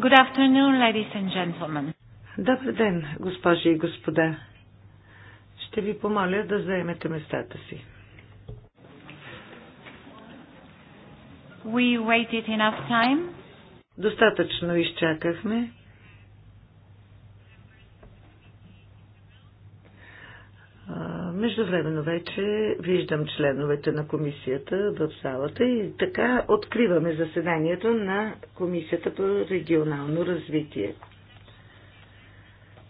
Good afternoon, ladies and gentlemen. Добър ден, госпожи и господа. Ще ви помоля да заемете местата си. We waited enough time. Достатъчно изчакахме. Междувременно вече виждам членовете на комисията в залата и така откриваме заседанието на Комисията по регионално развитие.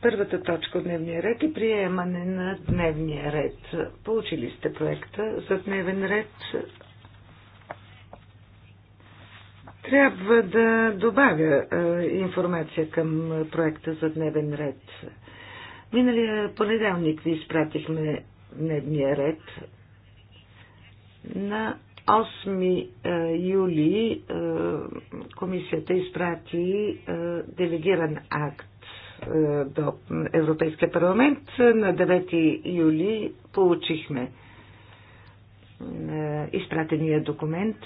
Първата точка от дневния ред е приемане на дневния ред. Получили сте проекта за дневен ред. Трябва да добавя е, информация към проекта за дневен ред. Миналия понеделник ви изпратихме дневния ред. На 8 е, юли е, комисията изпрати е, делегиран акт до Европейския парламент. На 9 юли получихме изпратения документ.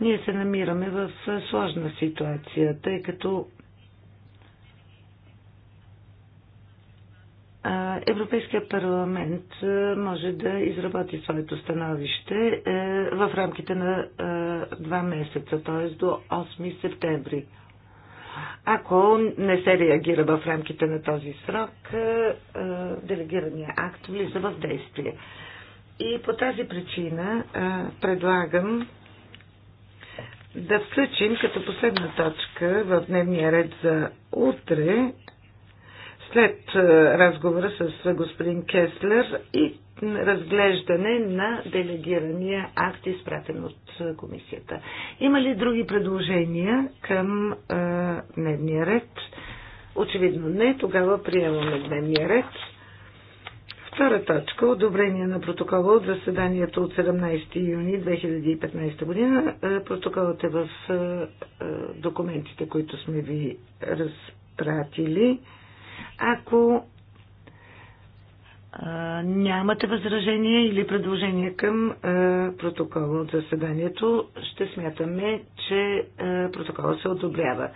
Ние се намираме в сложна ситуация, тъй като Европейския парламент може да изработи своето становище е, в рамките на два месеца, т.е. до 8 септември. Ако не се реагира в рамките на този срок, е, е, делегирания акт влиза в действие. И по тази причина предлагам да включим като последна точка в дневния ред за утре след е, разговора с господин Кеслер и разглеждане на делегирания акт, изпратен от е, комисията. Има ли други предложения към е, дневния ред? Очевидно не. Тогава приемаме дневния ред. Втора точка – одобрение на протокола от заседанието от 17 юни 2015 година. Е, протоколът е в документите, които сме ви разпратили. Ако нямате възражение или предложение към протокола от заседанието, ще смятаме, че протокола се одобрява.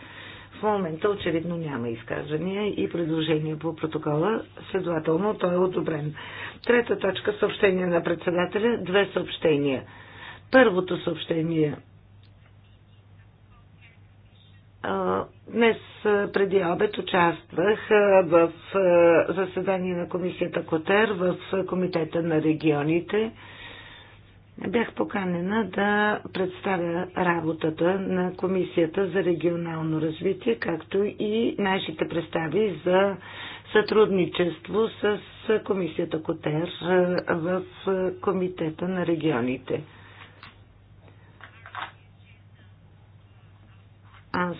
В момента очевидно няма изказвания и предложения по протокола, следователно той е одобрен. Трета точка съобщение на председателя. Две съобщения. Първото съобщение. Днес преди обед участвах в заседание на комисията Котер в Комитета на регионите. Бях поканена да представя работата на Комисията за регионално развитие, както и нашите представи за сътрудничество с Комисията Котер в Комитета на регионите. Аз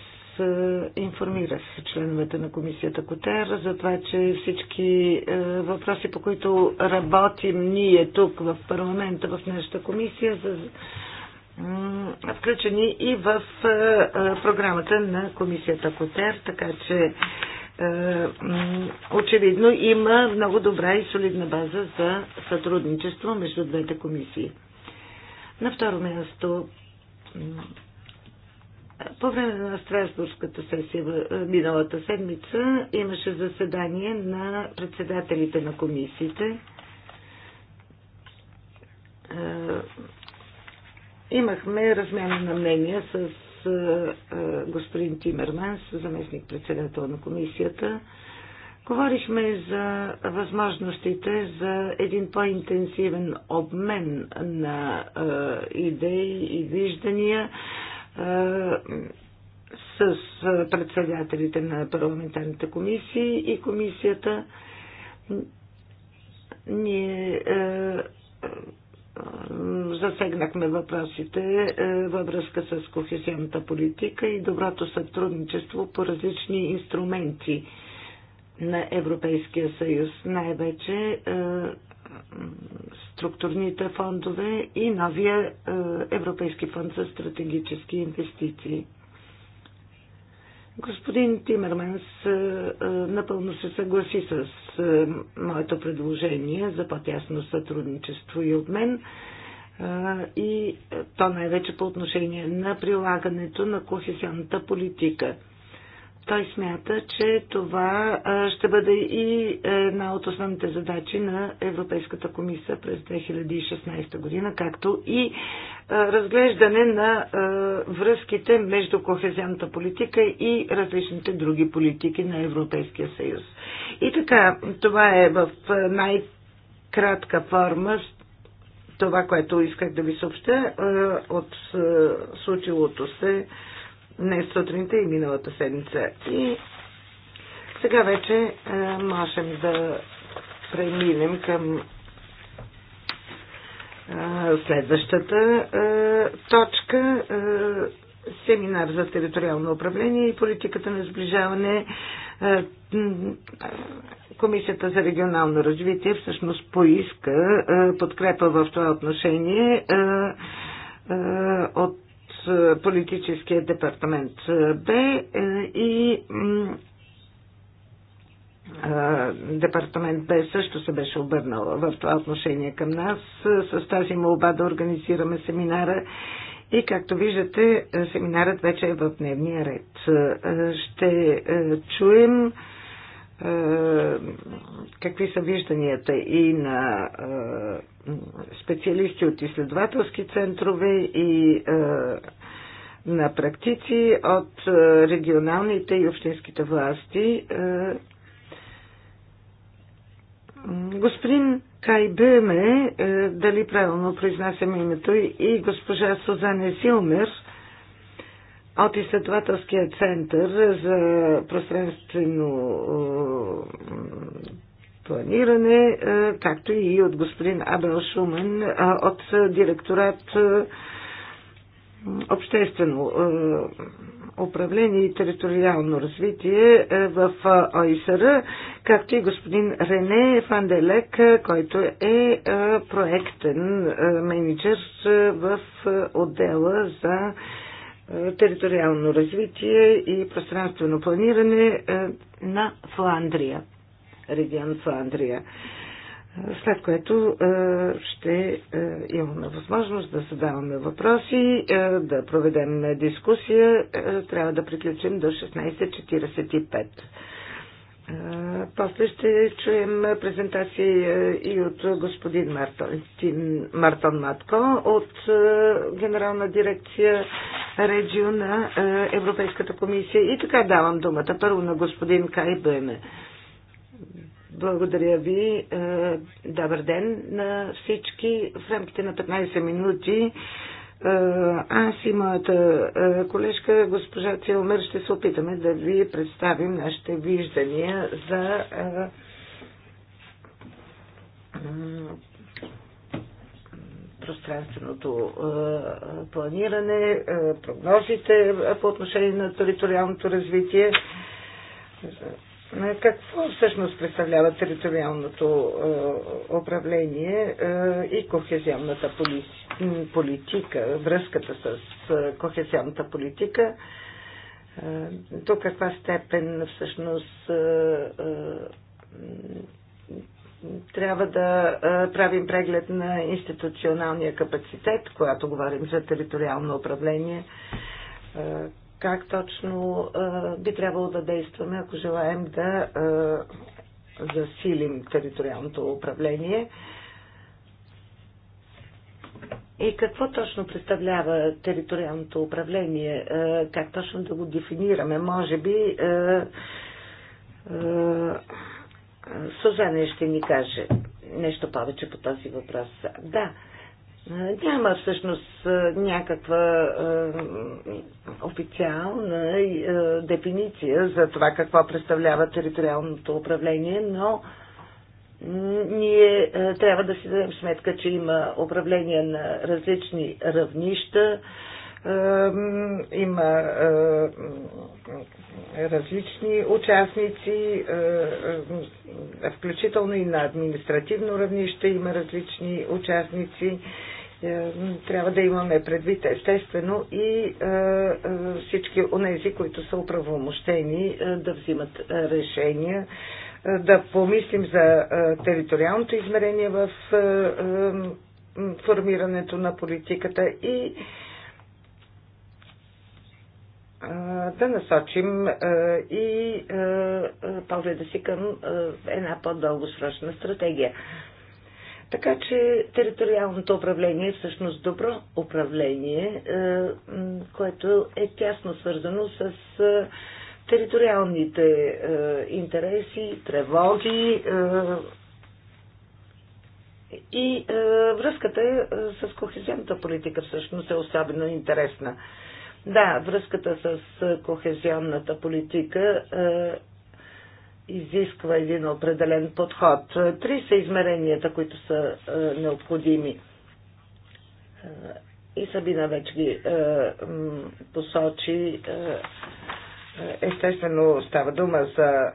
Информира с членовете на комисията Котер за това, че всички е, въпроси, по които работим ние тук в парламента, в нашата комисия, са включени и в е, програмата на комисията Котер, така че е, очевидно има много добра и солидна база за сътрудничество между двете комисии. На второ място по време на Страсбургската сесия е, миналата седмица имаше заседание на председателите на комисиите. Е, имахме размяна на мнения с е, господин Тимерманс, заместник-председател на комисията. Говорихме за възможностите за един по-интенсивен обмен на идеи и виждания с председателите на парламентарните комисии и комисията. Ние засегнахме въпросите във връзка с кохезионната политика и доброто сътрудничество по различни инструменти на Европейския съюз, най-вече структурните фондове и новия е, Европейски фонд за стратегически инвестиции. Господин Тимерменс е, е, напълно се съгласи с моето предложение за по-тясно сътрудничество и обмен, и то най-вече по отношение на прилагането на кохесионната политика – той смята, че това ще бъде и една от основните задачи на Европейската комисия през 2016 година, както и разглеждане на връзките между кохезионната политика и различните други политики на Европейския съюз. И така, това е в най-кратка форма това, което исках да ви съобща от случилото се днес сутринта и миналата седмица. И сега вече е, можем да преминем към е, следващата е, точка семинар за териториално управление и политиката на сближаване. Комисията за регионално развитие всъщност поиска подкрепа в това отношение от е, политическия департамент е, Б е, и департамент Б също се беше обърнал в това отношение към нас с тази молба да организираме семинара и както виждате, семинарът вече е в дневния ред. Ще чуем какви са вижданията и на специалисти от изследователски центрове и на практици от е, регионалните и общинските власти. Е, господин Кай Беме, е, дали правилно произнасям името, и госпожа Сузане Силмер от изследователския център за пространствено планиране, както и от господин Абел Шумен от директорат обществено е, управление и териториално развитие е, в е, ОИСР, както и господин Рене Фанделек, който е проектен менеджер в отдела за териториално развитие и пространствено планиране на Фландрия, регион Фландрия след което е, ще е, имаме възможност да задаваме въпроси, е, да проведем дискусия. Трябва да приключим до 16.45. После ще чуем презентации и от господин Мартон, Мартон Матко от Генерална дирекция Регио на Европейската комисия. И така давам думата първо на господин Кай Бене. Благодаря ви. Е, добър ден на всички. В рамките на 15 минути е, аз и моята е, колежка, госпожа Цилмер, ще се опитаме да ви представим нашите виждания за пространственото планиране, прогнозите по отношение на териториалното развитие е, какво всъщност представлява териториалното е, управление е, и кохезионната политика, връзката с кохезионната политика? До каква степен всъщност трябва да правим преглед на институционалния капацитет, когато говорим за териториално управление? как точно би трябвало да действаме, ако желаем да засилим териториалното управление. И какво точно представлява териториалното управление? Как точно да го дефинираме? Може би Сузана ще ни каже нещо повече по този въпрос. Да, е, няма всъщност е, някаква е, официална дефиниция за това какво представлява териториалното управление, но ние трябва да си дадем сметка, че има управление на различни равнища, има различни участници, включително и на административно равнище има различни участници. Е, трябва да имаме предвид естествено и е, е, всички онези, които са управомощени да взимат решения, да помислим за териториалното измерение в формирането на политиката и да насочим и погледа си към една по-дългосрочна стратегия. Така че териториалното управление е всъщност добро управление, е, което е тясно свързано с е, териториалните е, интереси, тревоги и връзката с кохезионната политика всъщност е особено интересна. Да, връзката с кохезионната политика изисква един определен подход. Три са измеренията, които са е, необходими. Е, и Сабина вече ги е, посочи. Естествено става дума за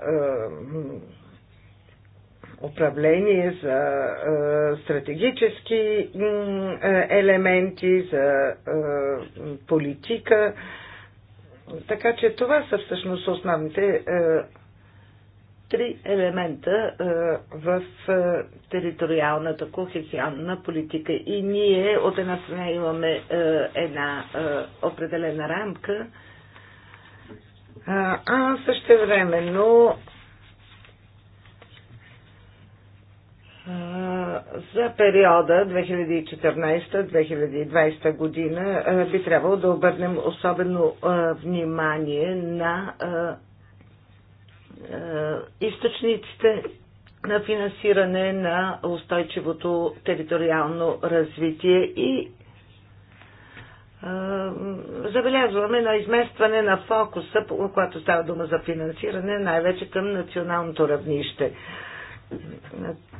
управление, за стратегически елементи, за политика. Така че това са всъщност основните три елемента е, в е, териториалната кохезионна политика. И ние от една страна имаме е, една определена рамка, а също времено за периода 2014-2020 година би трябвало да обърнем особено внимание на е, източниците на финансиране на устойчивото териториално развитие и е, забелязваме на изместване на фокуса, когато става дума за финансиране, най-вече към националното равнище.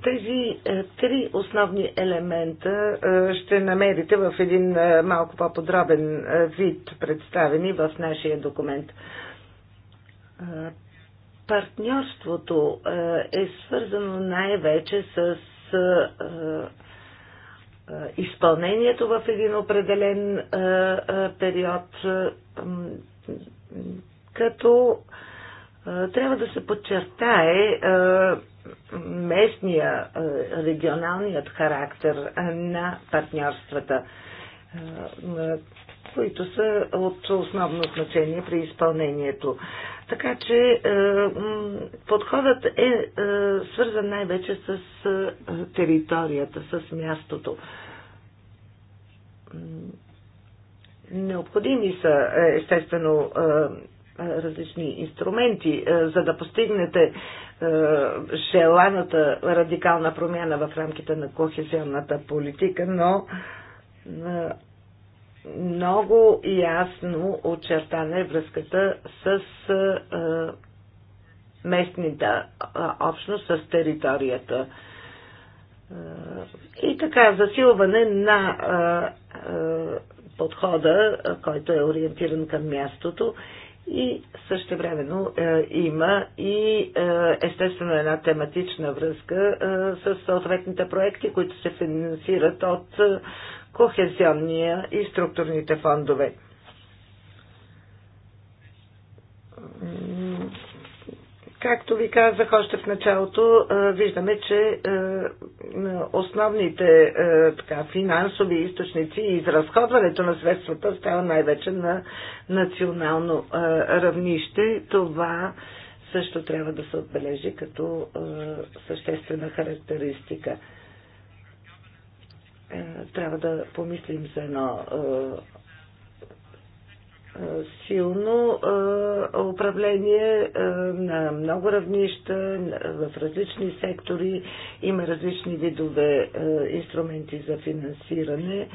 Тези е, три основни елемента ще намерите в един малко по-подробен вид, представени в нашия документ партньорството е, е свързано най-вече с е, е, изпълнението в един определен период, като трябва да се подчертае местния, регионалният характер на партньорствата които са от основно значение при изпълнението. Така че е, подходът е, е, свързан най-вече с е, територията, с мястото. Необходими са, естествено, различни инструменти, за да постигнете желаната радикална промяна в рамките на кохезионната политика, но много ясно очертана е връзката с местната общност, с територията. И така, засилване на подхода, който е ориентиран към мястото и също времено има и а, естествено една тематична връзка а, с съответните проекти, които се финансират от а, кохезионния и структурните фондове. Както ви казах още в началото, виждаме, че основните така, финансови източници и изразходването на средствата става най-вече на национално равнище. Това също трябва да се отбележи като съществена характеристика. Е, трябва да помислим за едно е, е, силно управление на много равнища, в различни сектори. Има различни видове инструменти за финансиране.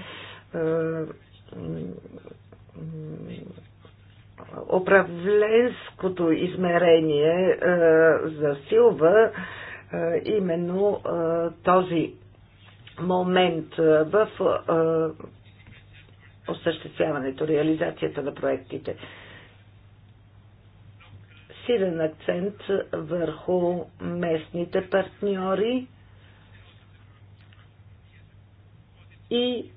Управленското измерение засилва именно този момент в осъществяването, реализацията на проектите. Силен акцент върху местните партньори и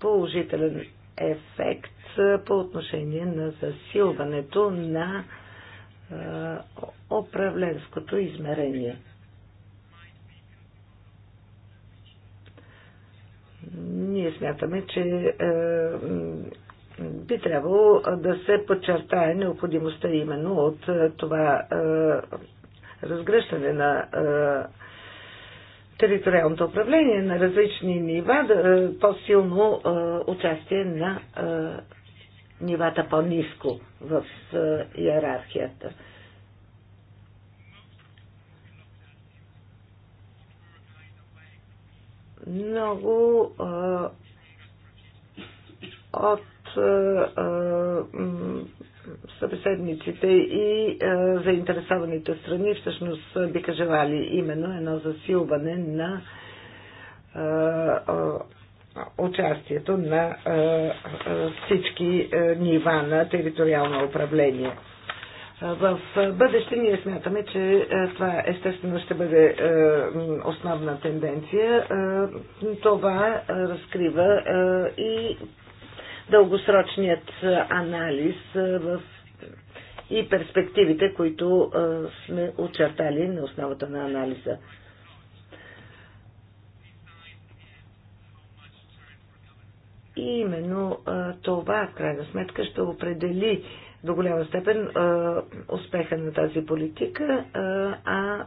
положителен ефект по отношение на засилването на управленското измерение. Ние смятаме, че е, би трябвало да се подчертае необходимостта именно от е, това е, разгръщане на териториалното управление на различни нива, по-силно участие на нивата по-низко в иерархията. много а, от а, събеседниците и а, заинтересованите страни всъщност биха желали именно едно засилване на а, а, участието на а, а, всички а, нива на териториално управление. В бъдеще ние смятаме, че е, това естествено ще бъде е, основна тенденция. Е, това разкрива и дългосрочният анализ в и перспективите, които сме очертали на основата на анализа. И именно това, в крайна сметка, ще определи до голяма степен успеха на тази политика, а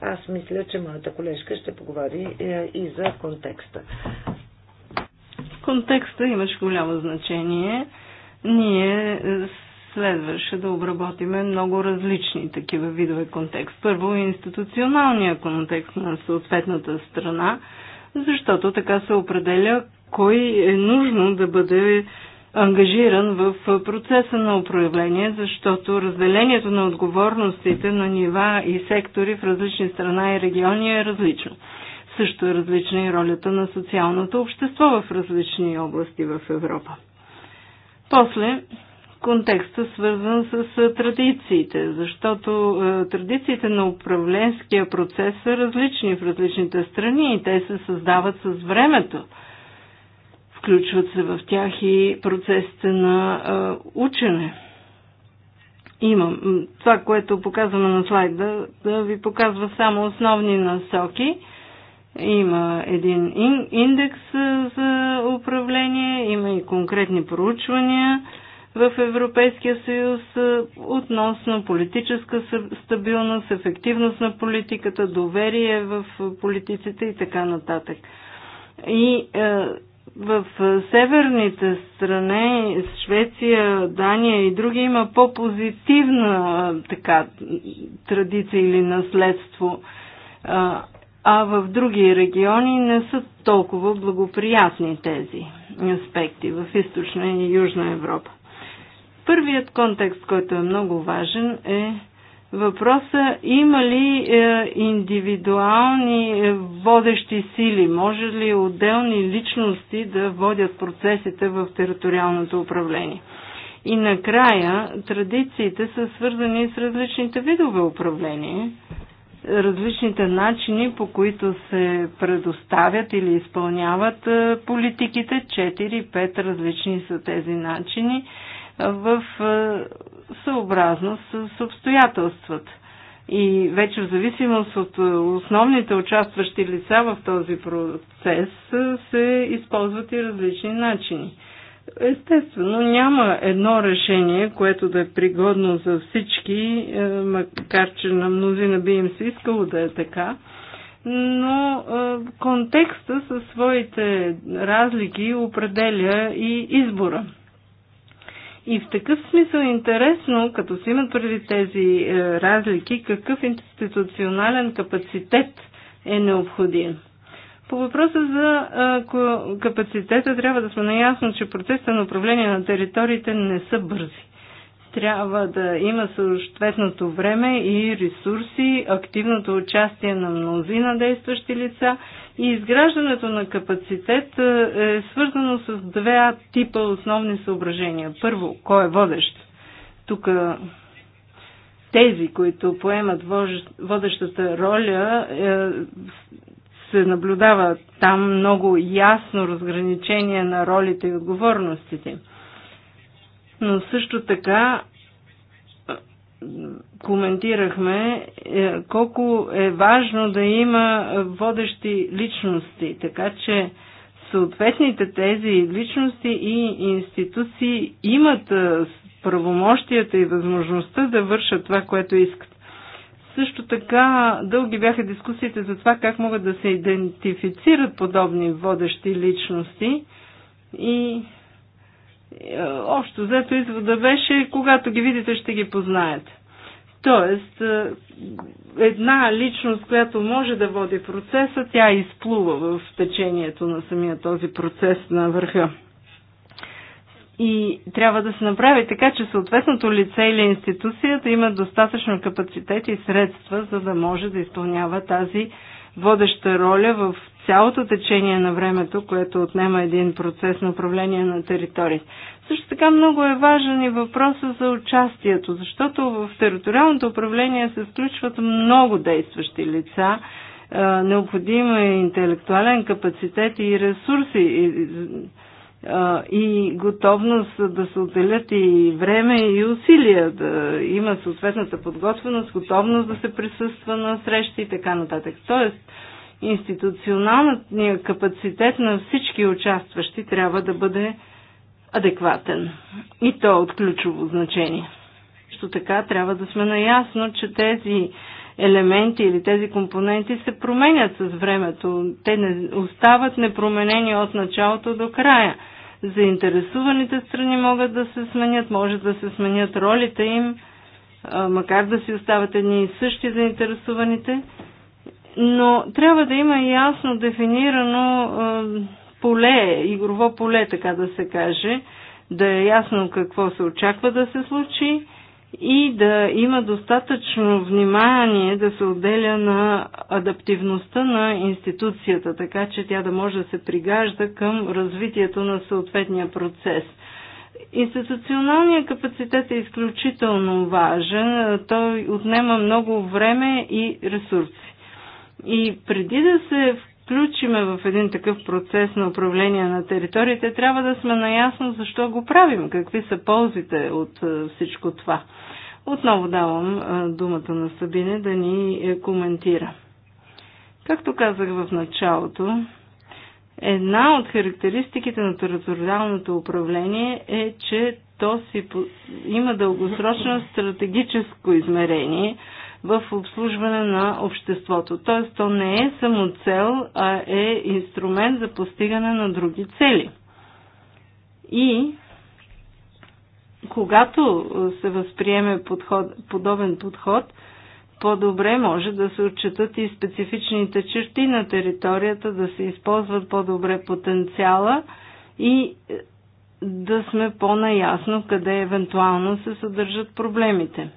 аз мисля, че моята колежка ще поговори е, и за контекста. Контекста имаше голямо значение. Ние е, следваше да обработиме много различни такива видове контекст. Първо институционалния контекст на съответната страна, защото така се определя кой е нужно да бъде ангажиран в процеса на управление, защото разделението на отговорностите на нива и сектори в различни страна и региони е различно. Също е различна и ролята на социалното общество в различни области в Европа. После, контекста свързан с традициите, защото е, традициите на управленския процес са различни в различните страни и те се създават с времето – Включват се в тях и процесите на учене. Имам. Това, което показваме на слайда, да ви показва само основни насоки. Има един индекс за управление, има и конкретни проучвания в Европейския съюз относно политическа стабилност, ефективност на политиката, доверие в политиците и така нататък. И в северните страни, Швеция, Дания и други има по-позитивна така традиция или наследство, а в други региони не са толкова благоприятни тези аспекти в източна и южна Европа. Първият контекст, който е много важен е Въпроса има ли е, индивидуални е, водещи сили? Може ли отделни личности да водят процесите в териториалното управление? И накрая, традициите са свързани с различните видове управление, различните начини по които се предоставят или изпълняват е, политиките. четири пет различни са тези начини в е, съобразно с обстоятелствата. И вече в зависимост от е, основните участващи лица в този процес е, се използват и различни начини. Естествено, няма едно решение, което да е пригодно за всички, е, макар че на мнозина би им се искало да е така, но контекста със своите разлики определя и избора. И в такъв смисъл е интересно, като се имат преди тези е, разлики, какъв институционален капацитет е необходим. По въпроса за е, капацитета трябва да сме наясно, че процесите на управление на териториите не са бързи. Трябва да има съответното време и ресурси, активното участие на мнозина действащи лица – и изграждането на капацитет е, е свързано с две типа основни съображения. Първо, кой е водещ? Тук е, тези, които поемат водещата роля, е, се наблюдава там много ясно разграничение на ролите и отговорностите. Но също така коментирахме е, колко е важно да има водещи личности, така че съответните тези личности и институции имат е, правомощията и възможността да вършат това, което искат. Също така дълги бяха дискусиите за това как могат да се идентифицират подобни водещи личности и общо взето извода беше, когато ги видите, ще ги познаете. Тоест, е, една личност, която може да води процеса, тя изплува в течението на самия този процес на върха. И трябва да се направи така, че съответното лице или институцията има достатъчно капацитет и средства, за да може да изпълнява тази водеща роля в цялото течение на времето, което отнема един процес на управление на територии. Също така много е важен и въпроса за участието, защото в териториалното управление се включват много действащи лица, е, необходим е интелектуален капацитет и ресурси и, е, и готовност да се отделят и време и усилия, да има съответната подготвеност, готовност да се присъства на срещи и така нататък. Тоест, институционалният капацитет на всички участващи трябва да бъде адекватен. И то е от ключово значение. Що така трябва да сме наясно, че тези елементи или тези компоненти се променят с времето. Те не остават непроменени от началото до края. Заинтересуваните страни могат да се сменят, може да се сменят ролите им, макар да си остават едни и същи заинтересуваните, но трябва да има ясно дефинирано поле, игрово поле, така да се каже, да е ясно какво се очаква да се случи и да има достатъчно внимание да се отделя на адаптивността на институцията, така че тя да може да се пригажда към развитието на съответния процес. Институционалният капацитет е изключително важен. Той отнема много време и ресурси. И преди да се включиме в един такъв процес на управление на териториите, трябва да сме наясно защо го правим, какви са ползите от е, всичко това. Отново давам е, думата на Сабине да ни е, коментира. Както казах в началото, една от характеристиките на териториалното управление е, че то си има дългосрочно стратегическо измерение – в обслужване на обществото. Т.е. то не е само цел, а е инструмент за постигане на други цели. И когато се възприеме подход, подобен подход, по-добре може да се отчитат и специфичните черти на територията, да се използват по-добре потенциала и да сме по-наясно къде евентуално се съдържат проблемите.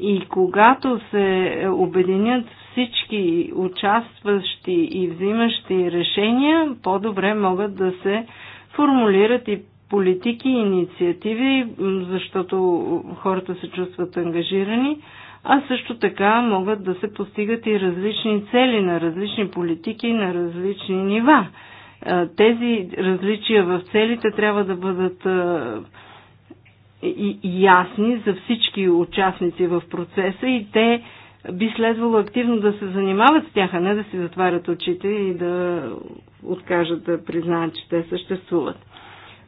И когато се обединят всички участващи и взимащи решения, по-добре могат да се формулират и политики и инициативи, защото хората се чувстват ангажирани, а също така могат да се постигат и различни цели на различни политики на различни нива. Е, тези различия в целите трябва да бъдат е, и ясни за всички участници в процеса и те би следвало активно да се занимават с тях, а не да си затварят очите и да откажат да признаят, че те съществуват.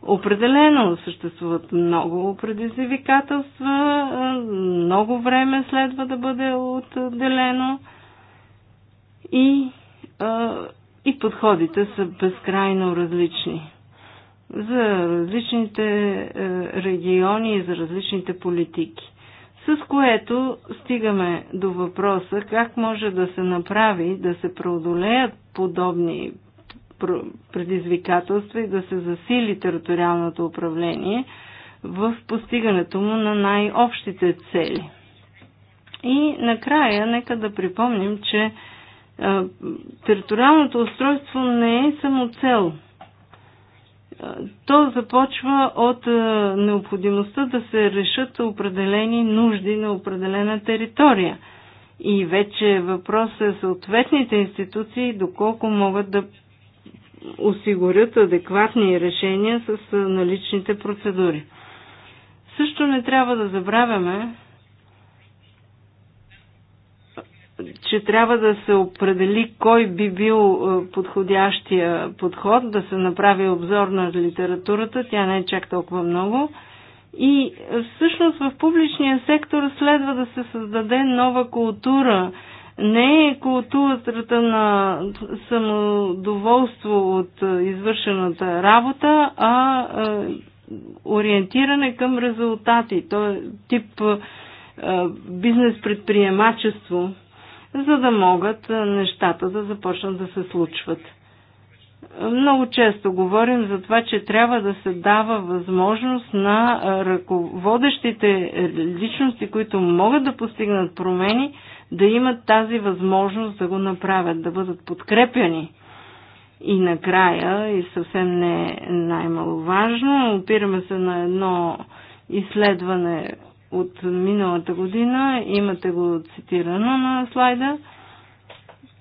Определено съществуват много предизвикателства, много време следва да бъде отделено и, и подходите са безкрайно различни за различните е, региони и за различните политики. С което стигаме до въпроса как може да се направи да се преодолеят подобни предизвикателства и да се засили териториалното управление в постигането му на най-общите цели. И накрая, нека да припомним, че е, териториалното устройство не е само цел – то започва от е, необходимостта да се решат определени нужди на определена територия. И вече въпрос е съответните институции доколко могат да осигурят адекватни решения с е, наличните процедури. Също не трябва да забравяме, че трябва да се определи кой би бил е, подходящия подход, да се направи обзор на литературата, тя не е чак толкова много. И е, всъщност в публичния сектор следва да се създаде нова култура. Не е културата на самодоволство от е, извършената работа, а ориентиране към резултати. То е тип бизнес предприемачество за да могат нещата да започнат да се случват. Много често говорим за това, че трябва да се дава възможност на ръководещите личности, които могат да постигнат промени, да имат тази възможност да го направят, да бъдат подкрепяни. И накрая, и съвсем не е най-маловажно, опираме се на едно изследване от миналата година, имате го цитирано на слайда.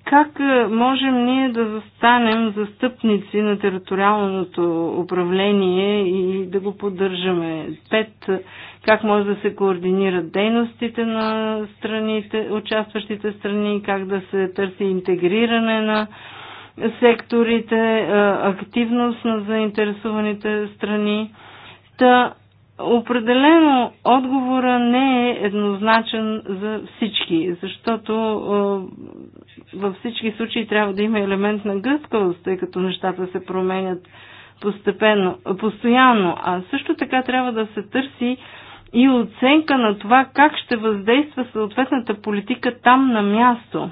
Как е, можем ние да застанем застъпници на териториалното управление и да го поддържаме? Пет, как може да се координират дейностите на страните, участващите страни, как да се търси интегриране на секторите, е, активност на заинтересованите страни. Та, Определено отговора не е еднозначен за всички, защото във всички случаи трябва да има елемент на гъвкавост, тъй като нещата се променят постепенно, постоянно. А също така трябва да се търси и оценка на това как ще въздейства съответната политика там на място.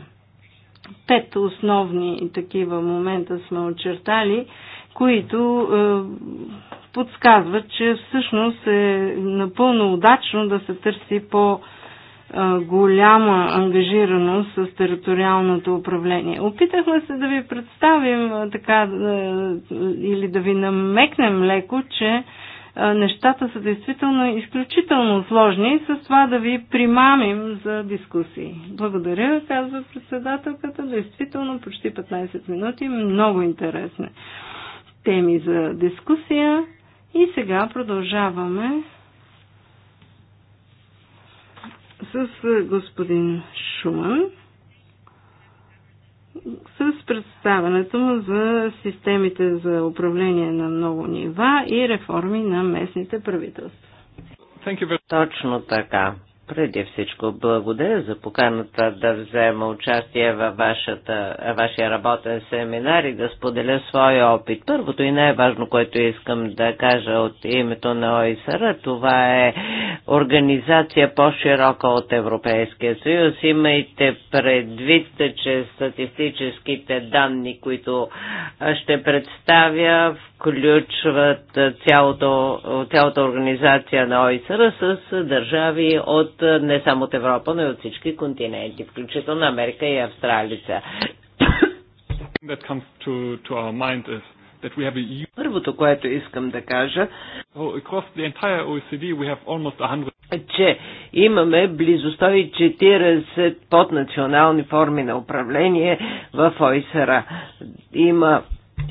Пет основни такива момента сме очертали които е, подсказват, че всъщност е напълно удачно да се търси по голяма ангажираност с териториалното управление. Опитахме се да ви представим е, така е, или да ви намекнем леко, че нещата са действително изключително сложни и с това да ви примамим за дискусии. Благодаря, казва председателката. Действително почти 15 минути. Много интересно теми за дискусия и сега продължаваме с господин Шуман с представането му за системите за управление на много нива и реформи на местните правителства. Точно така. Преди всичко благодаря за поканата да взема участие във вашата, вашия работен семинар и да споделя своя опит. Първото и най-важно, което искам да кажа от името на ОИСР, това е организация по-широка от Европейския съюз. Имайте предвид, че статистическите данни, които ще представя, в включват цялото, цялата организация на ОИСР с държави от не само от Европа, но и от всички континенти, включително Америка и Австралица. A... Първото, което искам да кажа, oh, e е че имаме близо 140 поднационални форми на управление в ОИСР. Има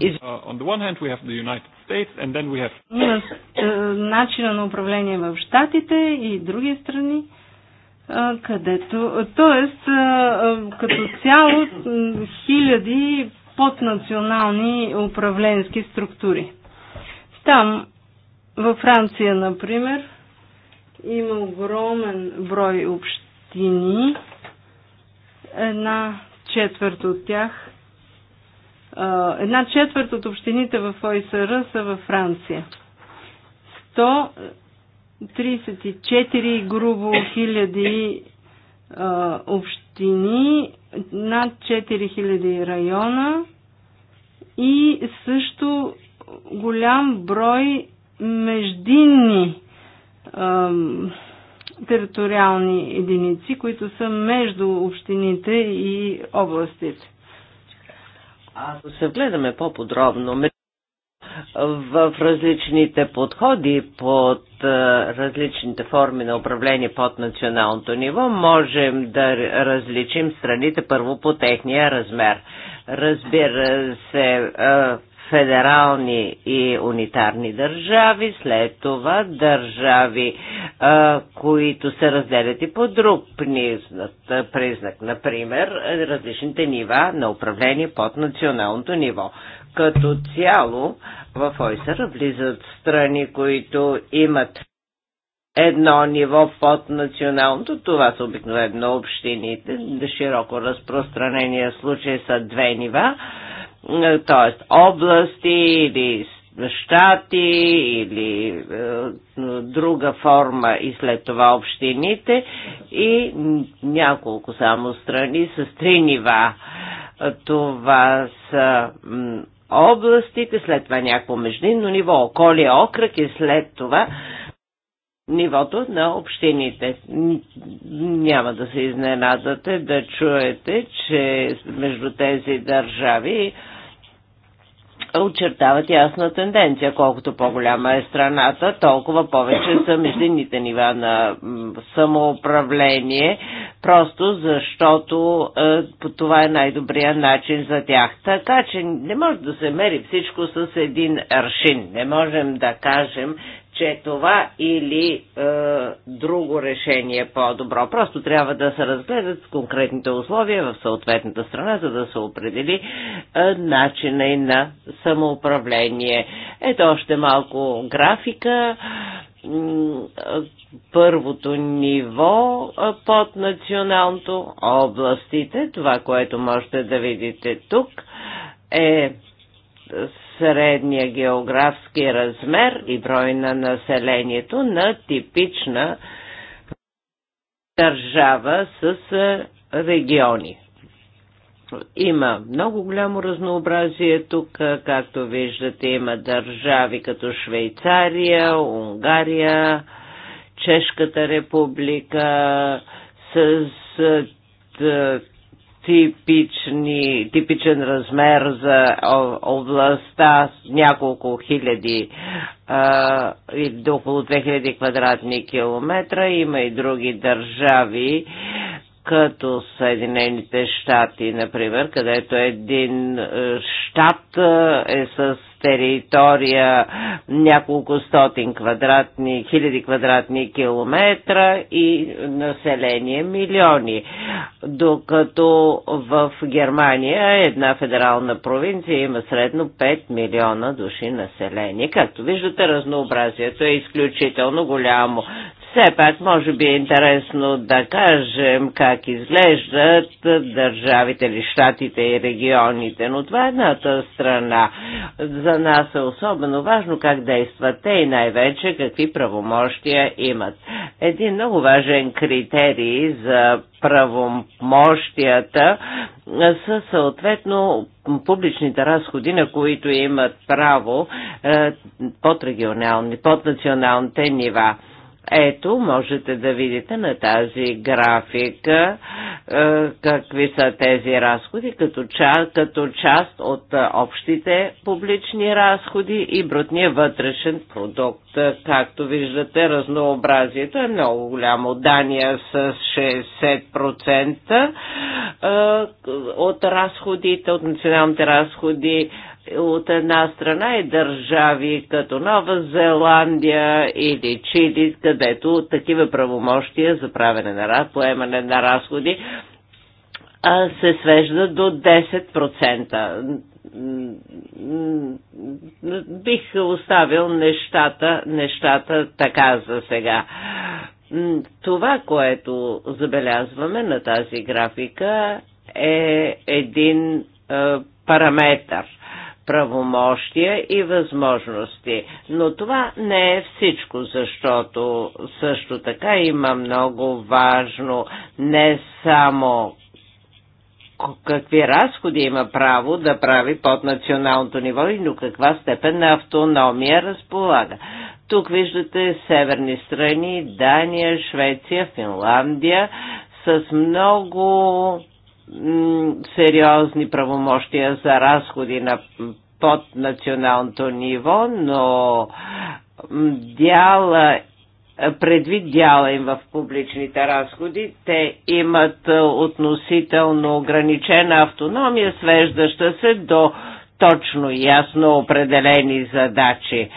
Uh, е, начина на управление в Штатите и други страни, е, където... Тоест, е, като цяло, хиляди поднационални управленски структури. Там, във Франция, например, има огромен брой общини. Една четвърт от тях една четвърт от общините в ОИСР са във Франция. 134 грубо хиляди общини, над 4000 района и също голям брой междинни териториални единици, които са между общините и областите. Ако се гледаме по-подробно в различните подходи под различните форми на управление под националното ниво, можем да различим страните първо по техния размер. Разбира се, федерални и унитарни държави, след това държави, а, които се разделят и по друг признак, признак, например, различните нива на управление под националното ниво. Като цяло в ОИСР влизат страни, които имат едно ниво под националното, това са обикновено общините, широко разпространения случай са две нива т.е. области или щати или е, друга форма и след това общините и няколко само страни с три нива. Е, това са областите, след това някакво междинно ниво, околия окръг и след това нивото на общините. Няма да се изненадате да чуете, че между тези държави очертават ясна тенденция. Колкото по-голяма е страната, толкова повече са междинните нива на самоуправление, просто защото е, това е най-добрия начин за тях. Така че не може да се мери всичко с един аршин. Не можем да кажем, че това или е, друго решение е по-добро. Просто трябва да се разгледат конкретните условия в съответната страна, за да се определи е, начина и на самоуправление. Ето още малко графика първото ниво е, под националното областите. Това, което можете да видите тук е средния географски размер и брой на населението на типична държава с региони. Има много голямо разнообразие тук, както виждате има държави като Швейцария, Унгария, Чешката република с типични, типичен размер за областта с няколко хиляди или и до около 2000 квадратни километра. Има и други държави, като Съединените щати, например, където един е, щат е, е с територия няколко стотин квадратни, хиляди квадратни километра и население милиони. Докато в Германия една федерална провинция има средно 5 милиона души население. Както виждате, разнообразието е изключително голямо. Все пак, може би е интересно да кажем как изглеждат държавите или щатите и регионите, но това е едната страна. За нас е особено важно как действат те и най-вече какви правомощия имат. Един много важен критерий за правомощията са съответно публичните разходи, на които имат право е, под регионални, под националните нива. Ето, можете да видите на тази графика е, какви са тези разходи като част, като част от е, общите публични разходи и брутния вътрешен продукт. Както виждате, разнообразието е много голямо. Дания с 60% е, от разходите, от националните разходи от една страна и държави като Нова Зеландия или Чили, където такива правомощия за правене на поемане на разходи се свежда до 10% бих оставил нещата, нещата така за сега. Това, което забелязваме на тази графика е един е, параметр – правомощия и възможности. Но това не е всичко, защото също така има много важно не само какви разходи има право да прави под националното ниво и до каква степен на автономия разполага. Тук виждате северни страни, Дания, Швеция, Финландия с много сериозни правомощия за разходи на под националното ниво, но дяла предвид дяла им в публичните разходи, те имат относително ограничена автономия, свеждаща се до точно и ясно определени задачи.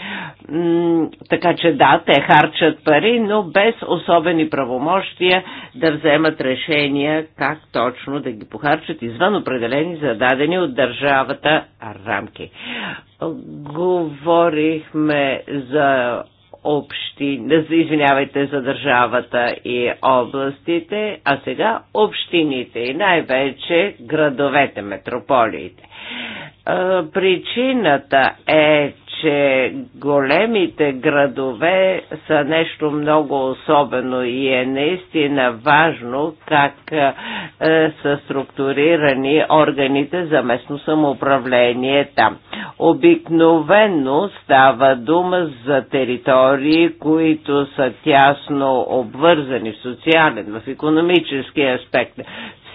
Така че да, те харчат пари, но без особени правомощия да вземат решения как точно да ги похарчат извън определени зададени от държавата рамки. Говорихме за общини, извинявайте, за държавата и областите, а сега общините и най-вече градовете, метрополиите. Причината е, че големите градове са нещо много особено и е наистина важно как е, е, са структурирани органите за местно самоуправление там. Обикновено става дума за територии, които са тясно обвързани в социален, в економически аспект.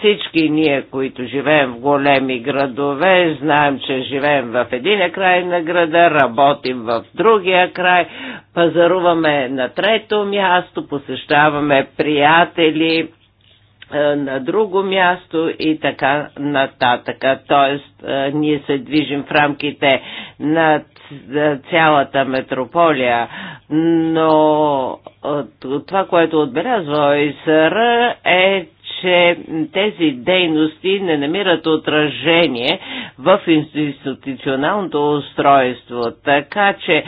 Всички ние, които живеем в големи градове, знаем, че живеем в един край на града, работим в другия край, пазаруваме на трето място, посещаваме приятели, е, на друго място и така нататък. Тоест, е, ние се движим в рамките на цялата метрополия, но е, това, което отбелязва ОИСР е, че тези дейности не намират отражение в институционалното устройство. Така че е,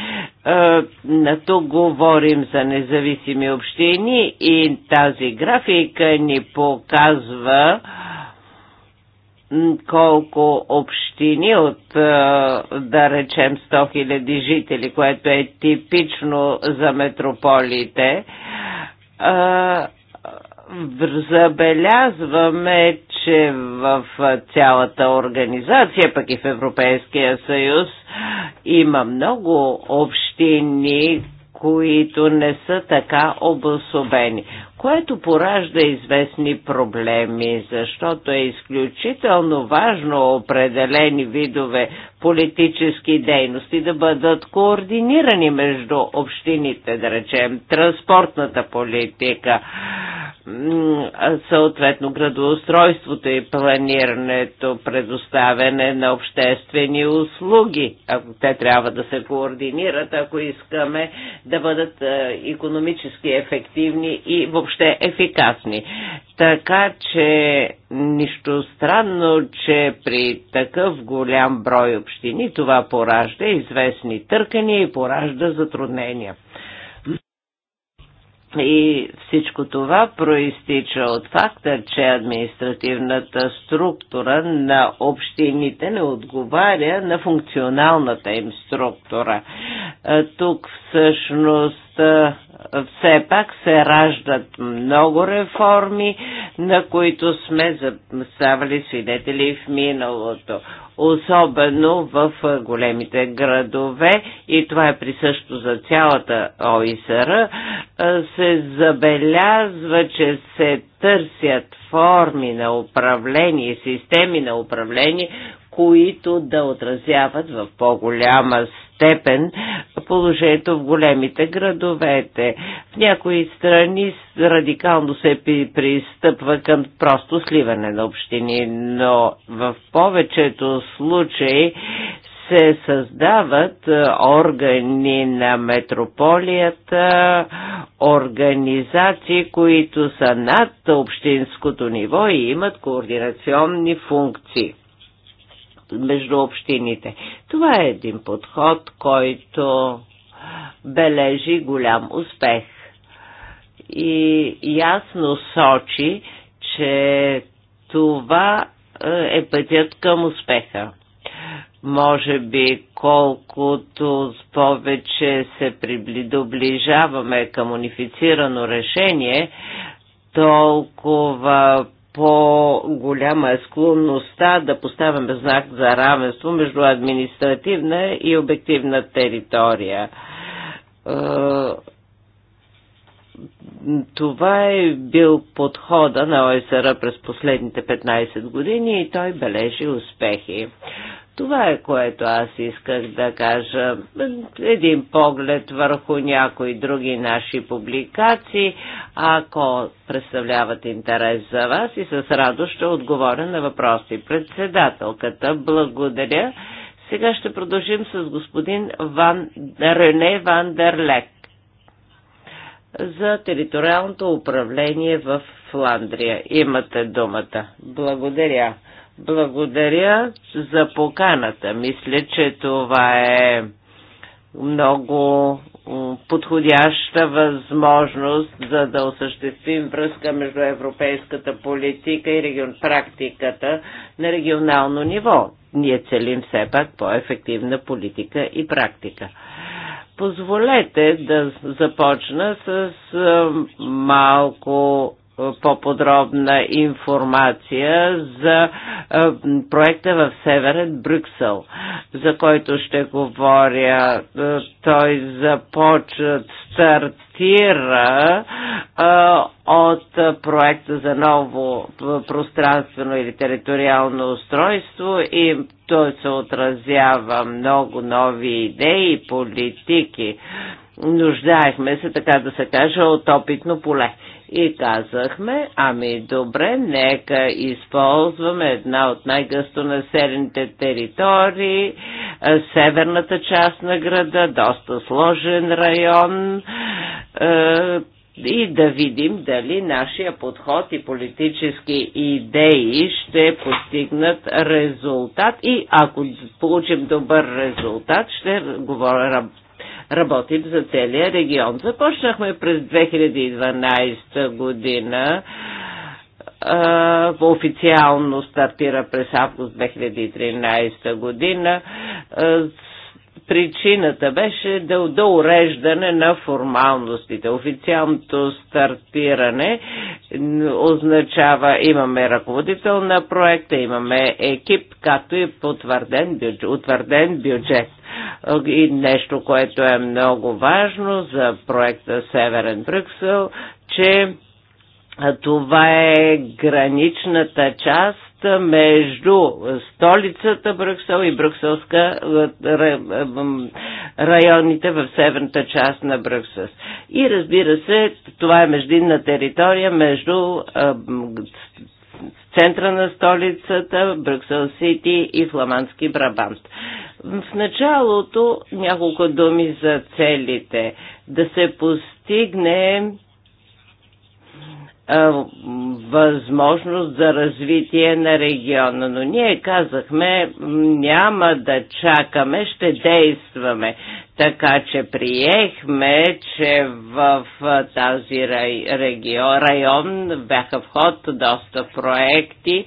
на тук говорим за независими общини и тази графика ни показва колко общини от, е, да речем, 100 000 жители, което е типично за метрополите, е, забелязваме, че в цялата организация, пък и в Европейския съюз, има много общини, които не са така обособени, което поражда известни проблеми, защото е изключително важно определени видове политически дейности да бъдат координирани между общините, да речем, транспортната политика, съответно градоустройството и планирането, предоставяне на обществени услуги. Ако те трябва да се координират, ако искаме да бъдат економически ефективни и въобще ефикасни. Така че нищо странно, че при такъв голям брой общини това поражда известни търкания и поражда затруднения. И всичко това проистича от факта, че административната структура на общините не отговаря на функционалната им структура. Тук всъщност все пак се раждат много реформи, на които сме ставали свидетели в миналото. Особено в големите градове, и това е присъщо за цялата ОИСР, се забелязва, че се търсят форми на управление, системи на управление, които да отразяват в по-голяма степен положението в големите градовете. В някои страни радикално се пристъпва към просто сливане на общини, но в повечето случаи се създават е, органи на метрополията, организации, които са над общинското ниво и имат координационни функции между общините. Това е един подход, който бележи голям успех и ясно сочи, че това е, е пътят към успеха. Може би колкото повече се доближаваме към унифицирано решение, толкова по-голяма е склонността да поставяме знак за равенство между административна и обективна територия. Е, това е бил подхода на ОСР през последните 15 години и той бележи успехи. Това е което аз исках да кажа. Един поглед върху някои други наши публикации, ако представляват интерес за вас и с радост ще отговоря на въпроси. Председателката, благодаря. Сега ще продължим с господин Ван, Рене Ван Дерлек за териториалното управление в Фландрия. Имате думата. Благодаря. Благодаря за поканата. Мисля, че това е много подходяща възможност за да осъществим връзка между европейската политика и регион, практиката на регионално ниво. Ние целим все пак по-ефективна политика и практика. Позволете да започна с малко по-подробна информация за проекта в Северен Брюксел, за който ще говоря. Той започва, стартира от проекта за ново пространствено или териториално устройство и той се отразява много нови идеи и политики нуждаехме се, така да се каже, от опитно поле. И казахме, ами добре, нека използваме една от най-гъсто населените територии, северната част на града, доста сложен район, и да видим дали нашия подход и политически идеи ще постигнат резултат и ако получим добър резултат, ще говоря, работим за целия регион. Започнахме през 2012 година официално стартира през август 2013 година Причината беше до, да уреждане на формалностите. Официалното стартиране означава имаме ръководител на проекта, имаме екип, както и потвърден бюджет, утвърден бюджет. И нещо, което е много важно за проекта Северен Брюксел, че това е граничната част между столицата Брюксел и Брюкселска е, е, районите в северната част на Брюксел. И разбира се, това е междинна територия между е, центъра на столицата, Брюксел Сити и Фламандски Брабант. В началото няколко думи за целите. Да се постигне възможност за развитие на региона. Но ние казахме, няма да чакаме, ще действаме. Така че приехме, че в тази регион, район бяха вход доста проекти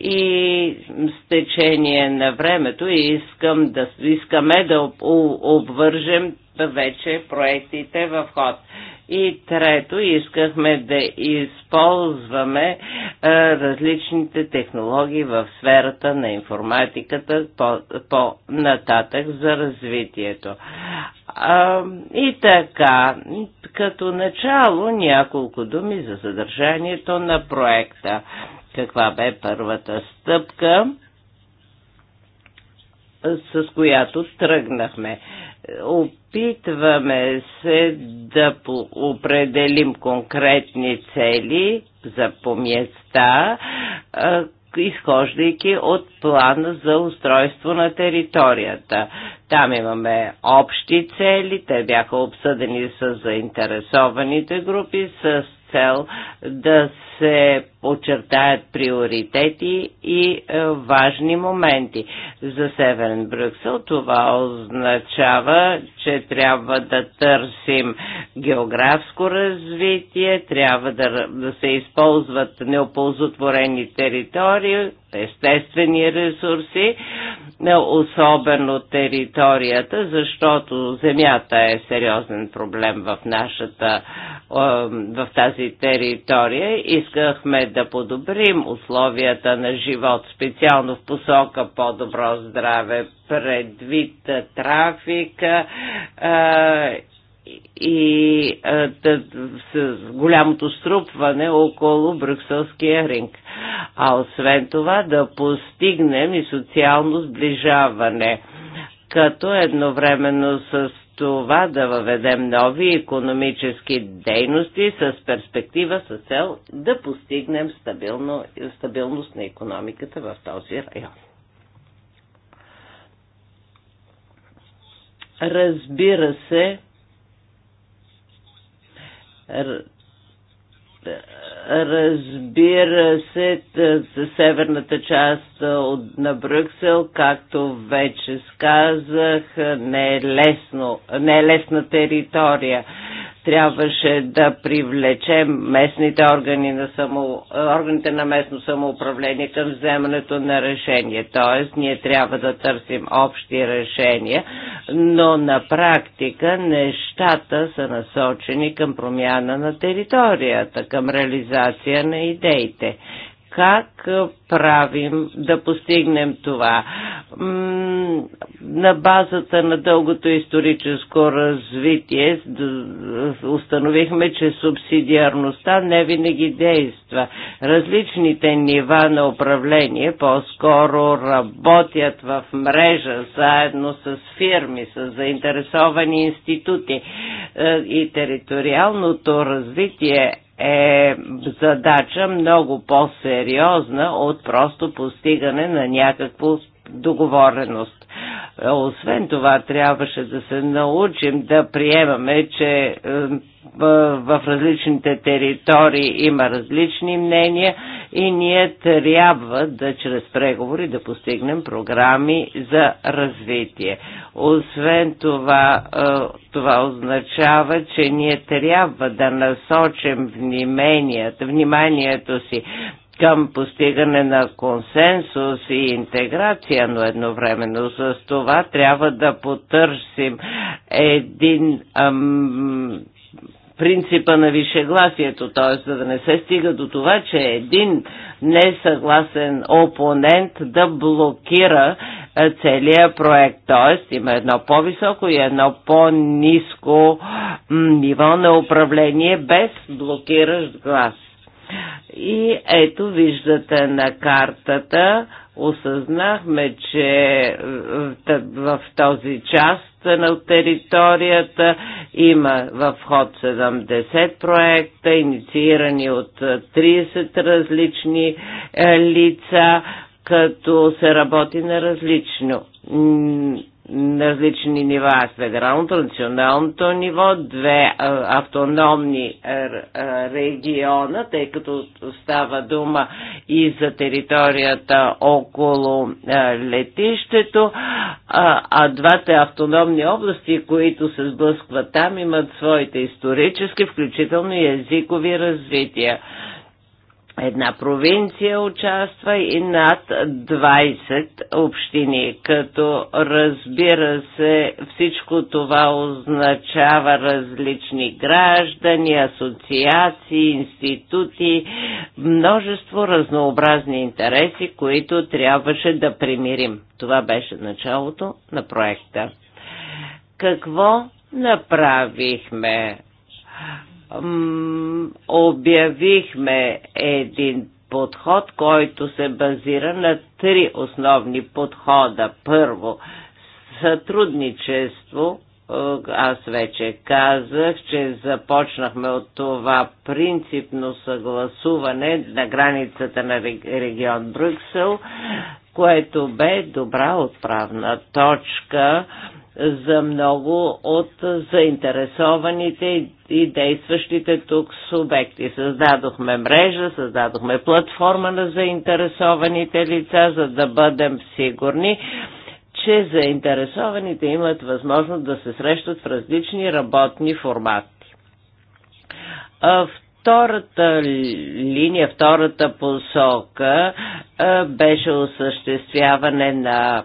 и с течение на времето искам да, искаме да обвържем вече проектите в ход. И трето, искахме да използваме а, е, различните технологии в сферата на информатиката по-нататък по за развитието. А, и така, като начало няколко думи за съдържанието на проекта. Каква бе първата стъпка? с която тръгнахме. Опитваме се да определим конкретни цели за поместа, изхождайки от плана за устройство на територията. Там имаме общи цели, те бяха обсъдени с заинтересованите групи с цел да се очертаят приоритети и е, важни моменти. За Северен Брюксел това означава, че трябва да търсим географско развитие, трябва да, да се използват неоползотворени територии, естествени ресурси, е, особено територията, защото земята е сериозен проблем в нашата, е, в тази територия и искахме да подобрим условията на живот, специално в посока по-добро здраве, предвид трафика а, и а, тъ, с голямото струпване около Брюкселския ринг. А освен това да постигнем и социално сближаване като едновременно с това да въведем нови економически дейности с перспектива, с цел да постигнем стабилно, стабилност на економиката в този район. Разбира се, Разбира се, за северната част на Брюксел, както вече сказах, не е, лесно, не е лесна територия трябваше да привлечем местните органи на само, е, органите на местно самоуправление към вземането на решение. Тоест, ние трябва да търсим общи решения, но на практика нещата са насочени към промяна на територията, към реализация на идеите как правим да постигнем това? На базата на дългото историческо развитие установихме, че субсидиарността не винаги действа. Различните нива на управление по-скоро работят в мрежа заедно с фирми, с заинтересовани институти е, и териториалното развитие е задача много по-сериозна от просто постигане на някакво договореност. Освен това, трябваше да се научим да приемаме, че е, в различните територии има различни мнения и ние трябва да чрез преговори да постигнем програми за развитие. Освен това, е, това означава, че ние трябва да насочим вниманието, вниманието си към постигане на консенсус и интеграция, но едновременно с това трябва да потърсим един ам, принципа на вишегласието, т.е. да не се стига до това, че един несъгласен опонент да блокира целия проект. Т.е. има едно по-високо и едно по-низко ниво на управление без блокиращ глас. И ето виждате на картата, осъзнахме, че в този част на територията има в ход 70 проекта, инициирани от 30 различни е, лица, като се работи на различно на различни нива, с федералното, националното ниво, две автономни региона, тъй като става дума и за територията около летището, а, а двата автономни области, които се сблъскват там, имат своите исторически, включително и езикови развития. Една провинция участва и над 20 общини, като разбира се всичко това означава различни граждани, асоциации, институти, множество разнообразни интереси, които трябваше да примирим. Това беше началото на проекта. Какво направихме? обявихме един подход, който се базира на три основни подхода. Първо, сътрудничество. Е, аз вече казах, че започнахме от това принципно съгласуване на границата на регион Брюксел, което бе добра отправна точка за много от заинтересованите и действащите тук субекти. Създадохме мрежа, създадохме платформа на заинтересованите лица, за да бъдем сигурни, че заинтересованите имат възможност да се срещат в различни работни формати. Втората линия, втората посока беше осъществяване на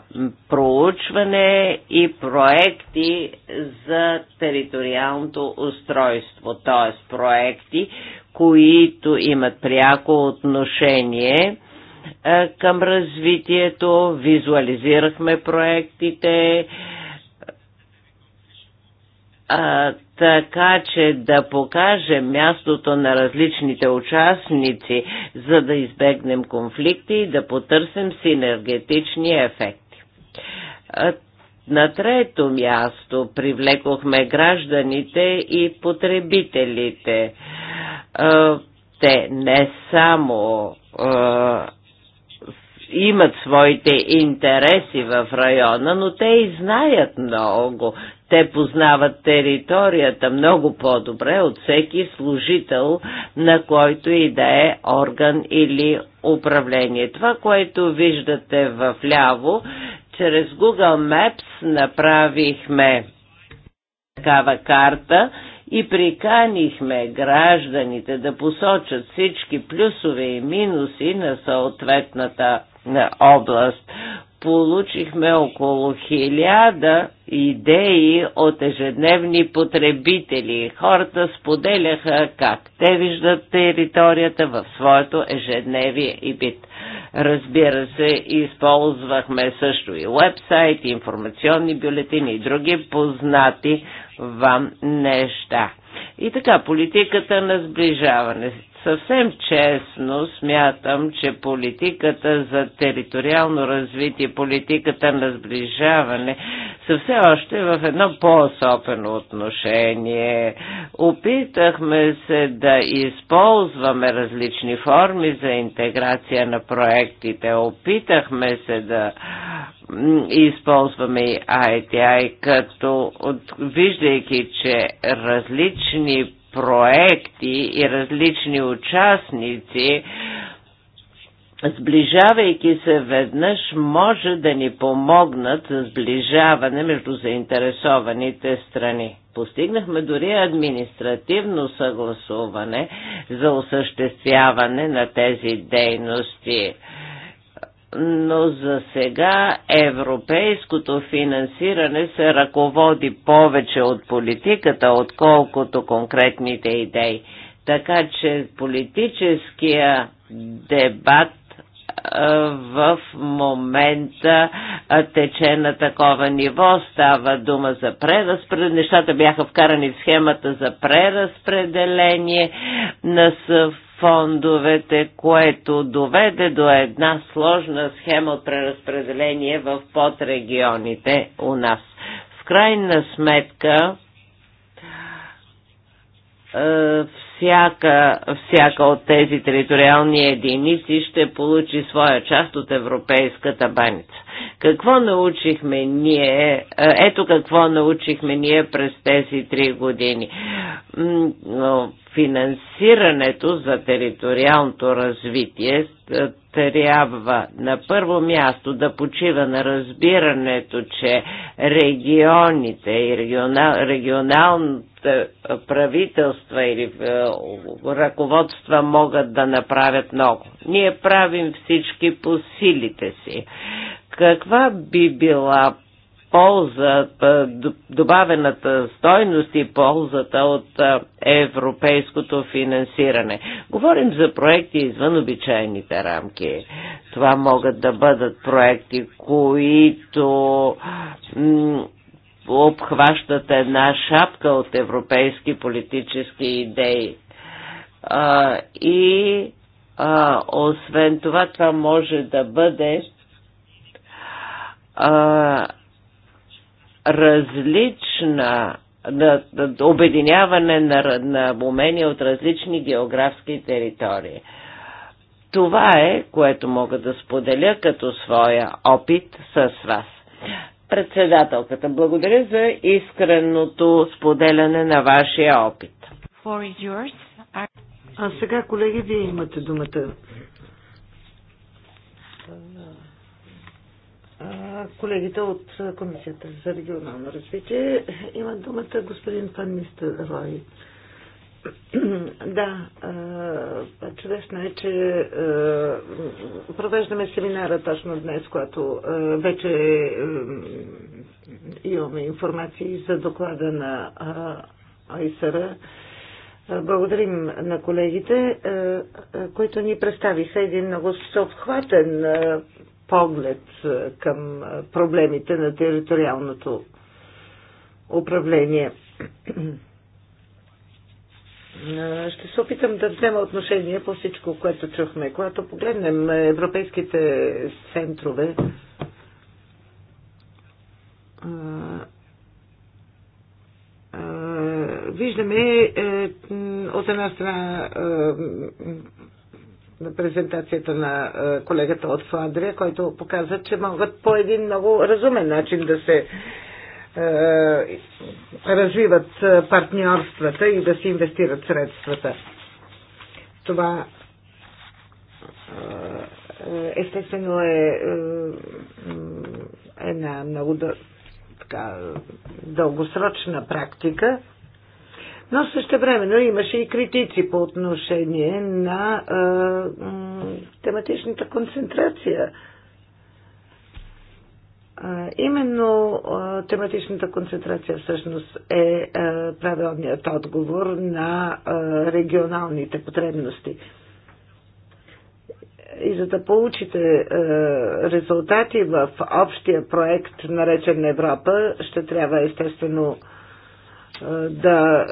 проучване и проекти за териториалното устройство, т.е. проекти, които имат пряко отношение към развитието, визуализирахме проектите, а, така че да покажем мястото на различните участници, за да избегнем конфликти и да потърсим синергетични ефекти. На трето място привлекохме гражданите и потребителите. Те не само имат своите интереси в района, но те и знаят много. Те познават територията много по-добре от всеки служител, на който и да е орган или управление. Това, което виждате в ляво, чрез Google Maps направихме такава карта и приканихме гражданите да посочат всички плюсове и минуси на съответната област получихме около хиляда идеи от ежедневни потребители. Хората споделяха как те виждат територията в своето ежедневие и бит. Разбира се, използвахме също и вебсайт, информационни бюлетини и други познати вам неща. И така, политиката на сближаване. Съвсем честно смятам, че политиката за териториално развитие, политиката на сближаване са все още в едно по-особено отношение. Опитахме се да използваме различни форми за интеграция на проектите. Опитахме се да използваме и ITI, като виждайки, че различни проекти и различни участници, сближавайки се веднъж, може да ни помогнат за сближаване между заинтересованите страни. Постигнахме дори административно съгласуване за осъществяване на тези дейности но за сега европейското финансиране се ръководи повече от политиката, отколкото конкретните идеи. Така че политическия дебат в момента тече на такова ниво. Става дума за преразпределение. Нещата бяха вкарани в схемата за преразпределение на съв фондовете, което доведе до една сложна схема от преразпределение в подрегионите у нас. В крайна сметка, е, всяка, всяка от тези териториални единици ще получи своя част от Европейската баница. Какво научихме ние? Е, ето какво научихме ние през тези три години финансирането за териториалното развитие е, трябва на първо място да почива на разбирането, че регионите и регионал, регионалните правителства или е, ръководства могат да направят много. Ние правим всички по силите си. Каква би била полза, добавената стойност и ползата от европейското финансиране. Говорим за проекти извън обичайните рамки. Това могат да бъдат проекти, които обхващат една шапка от европейски политически идеи. А, и а, освен това, това може да бъде а, различна на, на обединяване на, на умения от различни географски територии. Това е, което мога да споделя като своя опит с вас. Председателката, благодаря за искреното споделяне на вашия опит. А сега, колеги, вие имате думата. колегите от Комисията за регионално развитие. Имат думата господин Панмистер Рой. Да, чудесно е, че провеждаме семинара точно днес, когато вече имаме информации за доклада на ОИСР. Благодарим на колегите, които ни представиха един много всеобхватен поглед към проблемите на териториалното управление. Ще се опитам да взема отношение по всичко, което чухме. Когато погледнем европейските центрове, виждаме е, от една страна презентацията на е, колегата от Фландрия, който показа, че могат по един много разумен начин да се е, развиват е, партньорствата и да се инвестират средствата. Това естествено е една много така, дългосрочна практика но също времено имаше и критици по отношение на тематичната концентрация именно тематичната концентрация всъщност е правилният отговор на регионалните потребности. И за да получите резултати в общия проект, наречен Европа, ще трябва естествено е, да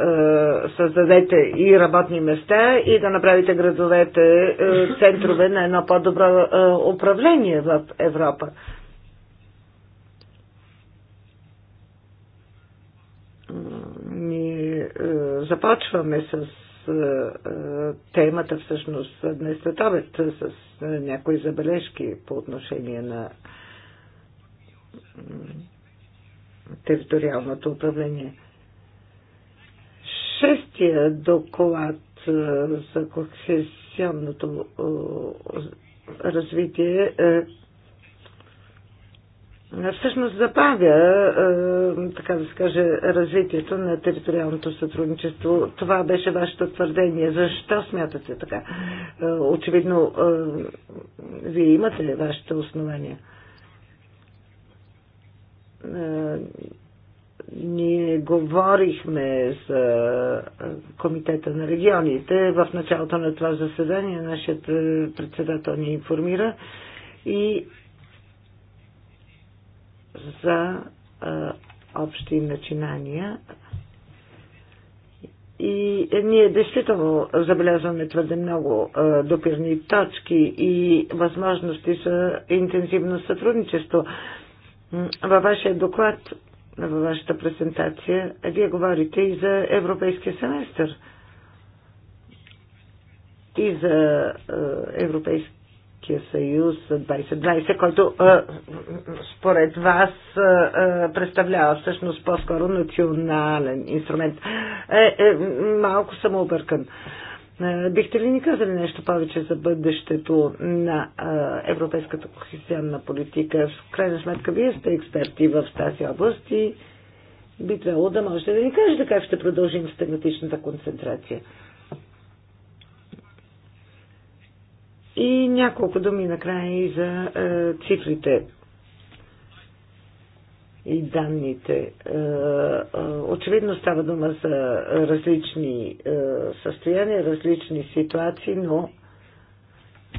е, създадете и работни места и да направите градовете е, центрове на едно по-добро управление в Европа. Ние започваме с темата всъщност днес след обед с някои забележки по отношение на териториалното управление шестия доклад за кохесионното развитие всъщност забавя, така да се каже, развитието на териториалното сътрудничество. Това беше вашето твърдение. Защо смятате така? Очевидно, вие имате вашите основания ние говорихме за Комитета на регионите. В началото на това заседание нашият председател ни информира и за общи начинания. И е, ние действително забелязваме твърде много допирни точки и възможности за интензивно сътрудничество. Във вашия доклад във вашата презентация, вие говорите и за европейския семестър и за е, Европейския съюз 2020, който е, според вас е, представлява всъщност по-скоро национален инструмент. Е, е, малко съм объркан. Е, е, бихте ли ни казали нещо повече за бъдещето на е, европейската кохесионна политика? В крайна сметка, вие сте експерти в тази област и би трябвало да можете да ни кажете как ще продължим с тематичната концентрация. И няколко думи накрая и за е, цифрите и данните. Е, е, очевидно става дума за различни е, състояния, различни ситуации, но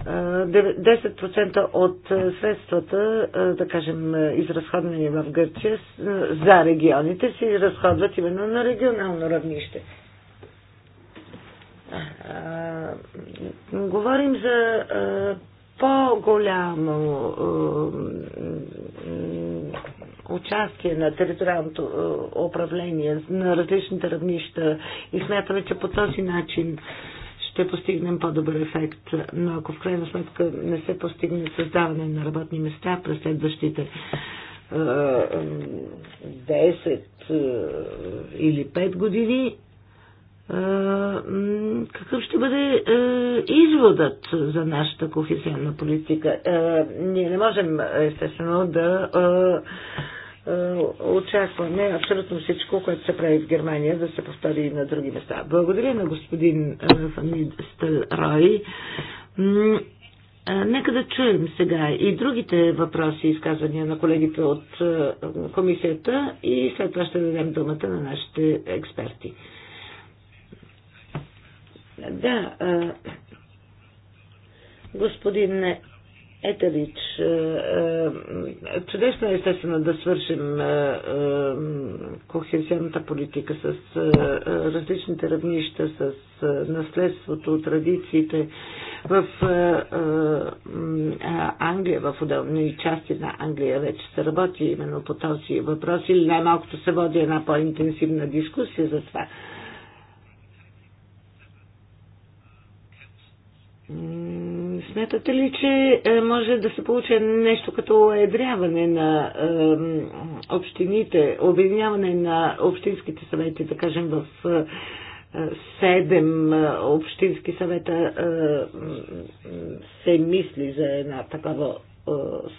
10% от средствата, да кажем, изразходени в Гърция за регионите, се изразходват именно на регионално равнище. Говорим за по-голямо участие на териториалното е, управление на различните равнища и смятаме, че по този начин ще постигнем по-добър ефект. Но ако в крайна сметка не се постигне създаване на работни места през следващите 10 е, е, или 5 години, какъв ще бъде изводът за нашата кохезионна политика? Ние не можем, естествено, да е, очакваме абсолютно всичко, което се прави в Германия, да се повтори и на други места. Благодаря на господин е, Стел Рой. Е, нека да чуем сега и другите въпроси и изказвания на колегите от комисията и след това ще дадем думата на нашите експерти. Да, господин Етелич, е, е, чудесно е естествено да свършим е, кохезионната политика с различните равнища, с наследството, традициите. В Англия, в отделни части на Англия вече се работи именно по този въпрос или най-малкото се води една по-интенсивна дискусия за това. Не смятате ли, че е, може да се получи нещо като едряване на общините, обединяване на общинските съвети, да кажем, в е, седем е, общински съвета се мисли за една такава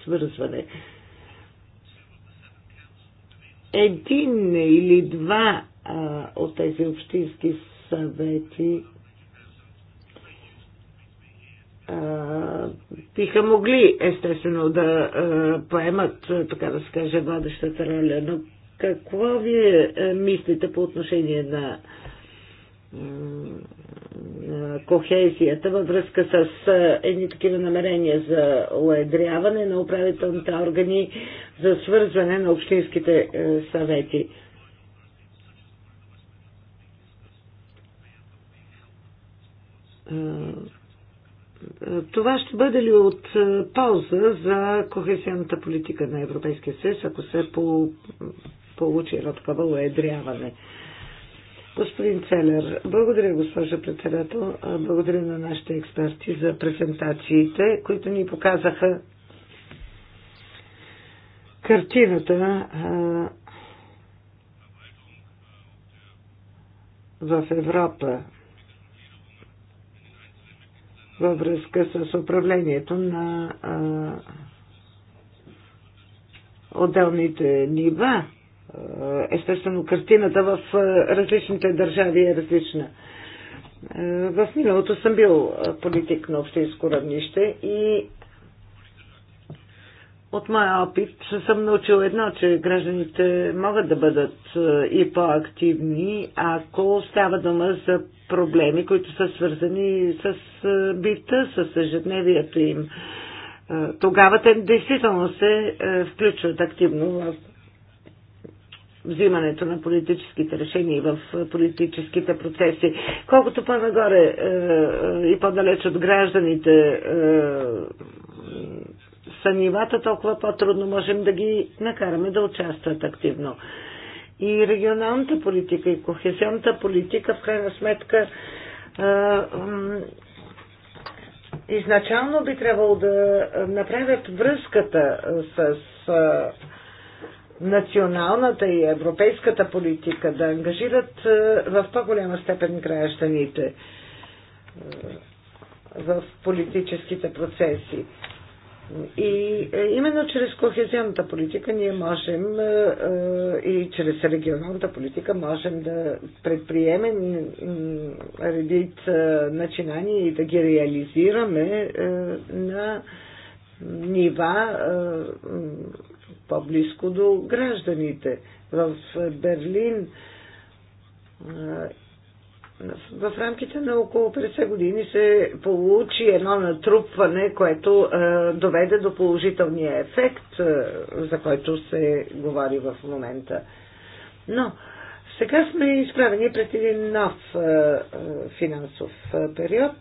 свързване? Един или два от тези общински съвети биха могли естествено да поемат, така да се каже, водещата роля. Но какво вие мислите по отношение на кохезията във връзка с едни такива намерения за уедряване на управителните органи, за свързване на общинските съвети. Това ще бъде ли от е, полза за кохесионната политика на Европейския съюз, ако се по, получи едно такова уедряване? Господин Целер, благодаря, госпожа председател. Благодаря на нашите експерти за презентациите, които ни показаха картината в Европа във връзка с управлението на а, отделните нива. Естествено, картината в различните държави е различна. В миналото съм бил политик на общинско равнище и от моя опит съм научил едно, че гражданите могат да бъдат е, и по-активни, ако става дума за проблеми, които са свързани с е, бита, с ежедневието им. Е, тогава те действително се включват активно в взимането на политическите решения и в политическите процеси. Колкото по-нагоре и по-далеч от гражданите са нивата, толкова по-трудно можем да ги накараме да участват активно. И регионалната политика, и кохезионната политика, в крайна сметка, изначално би трябвало да направят връзката с националната и европейската политика, да ангажират в по-голяма степен гражданите в политическите процеси. И е, именно чрез кохезионната политика ние можем е, е, и чрез регионалната политика можем да предприемем редит начинания и да ги реализираме на нива по-близко до гражданите. В Берлин в рамките на около 50 години се получи едно натрупване, което е, доведе до положителния ефект, е, за който се говори в момента. Но сега сме изправени пред един нов е, е, финансов е, период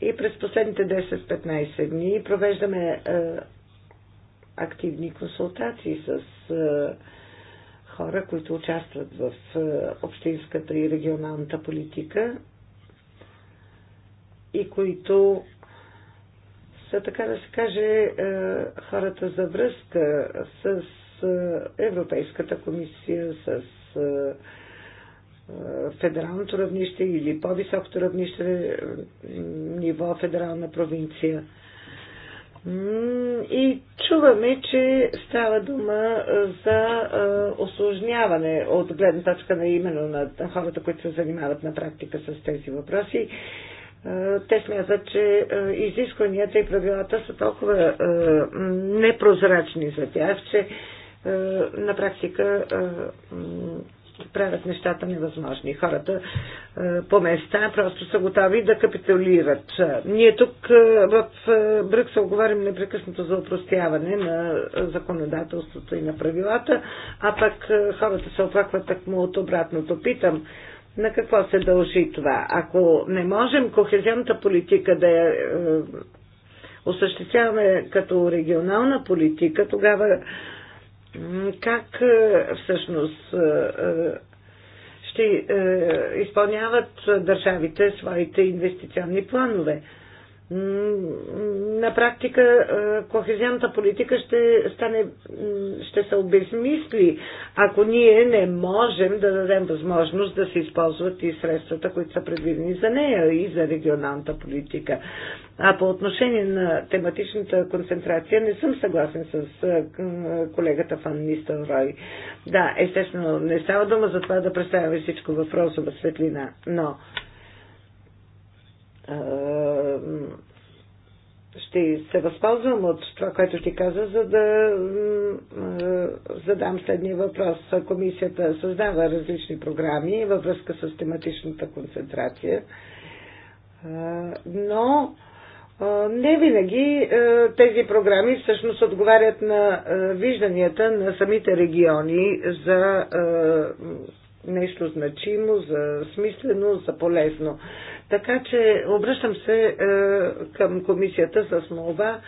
и през последните 10-15 дни провеждаме е, активни консултации с. Е, хора, които участват в е, общинската и регионалната политика и които са, така да се каже, е, хората за връзка с е, Европейската комисия, с федералното равнище или по-високото равнище ниво федерална провинция – и чуваме, че става дума за осложняване от гледна точка на именно на хората, които се занимават на практика с тези въпроси. Те смятат, че изискванията и правилата са толкова непрозрачни за тях, че на практика правят нещата невъзможни. Хората е, по места просто са готови да капитулират. Ние тук е, в е, Брюксел говорим непрекъснато за упростяване на законодателството и на правилата, а пък хората се оплакват му от обратното. Питам, на какво се дължи това? Ако не можем кохезионната политика да я осъществяваме като регионална политика, тогава как е, всъщност е, е, ще изпълняват държавите своите инвестиционни планове на практика кохезионната политика ще, стане, ще се обезмисли, ако ние не можем да дадем възможност да се използват и средствата, които са предвидени за нея и за регионалната политика. А по отношение на тематичната концентрация не съм съгласен с колегата Фан Нистън Рой. Да, естествено, не става дума за това да представяме всичко в розова светлина, но ще се възползвам от това, което ще каза, за да задам следния въпрос. Комисията създава различни програми във връзка с тематичната концентрация, но не винаги тези програми всъщност отговарят на вижданията на самите региони за нещо значимо, за смислено, за полезно. Така че обръщам се е, към комисията с молба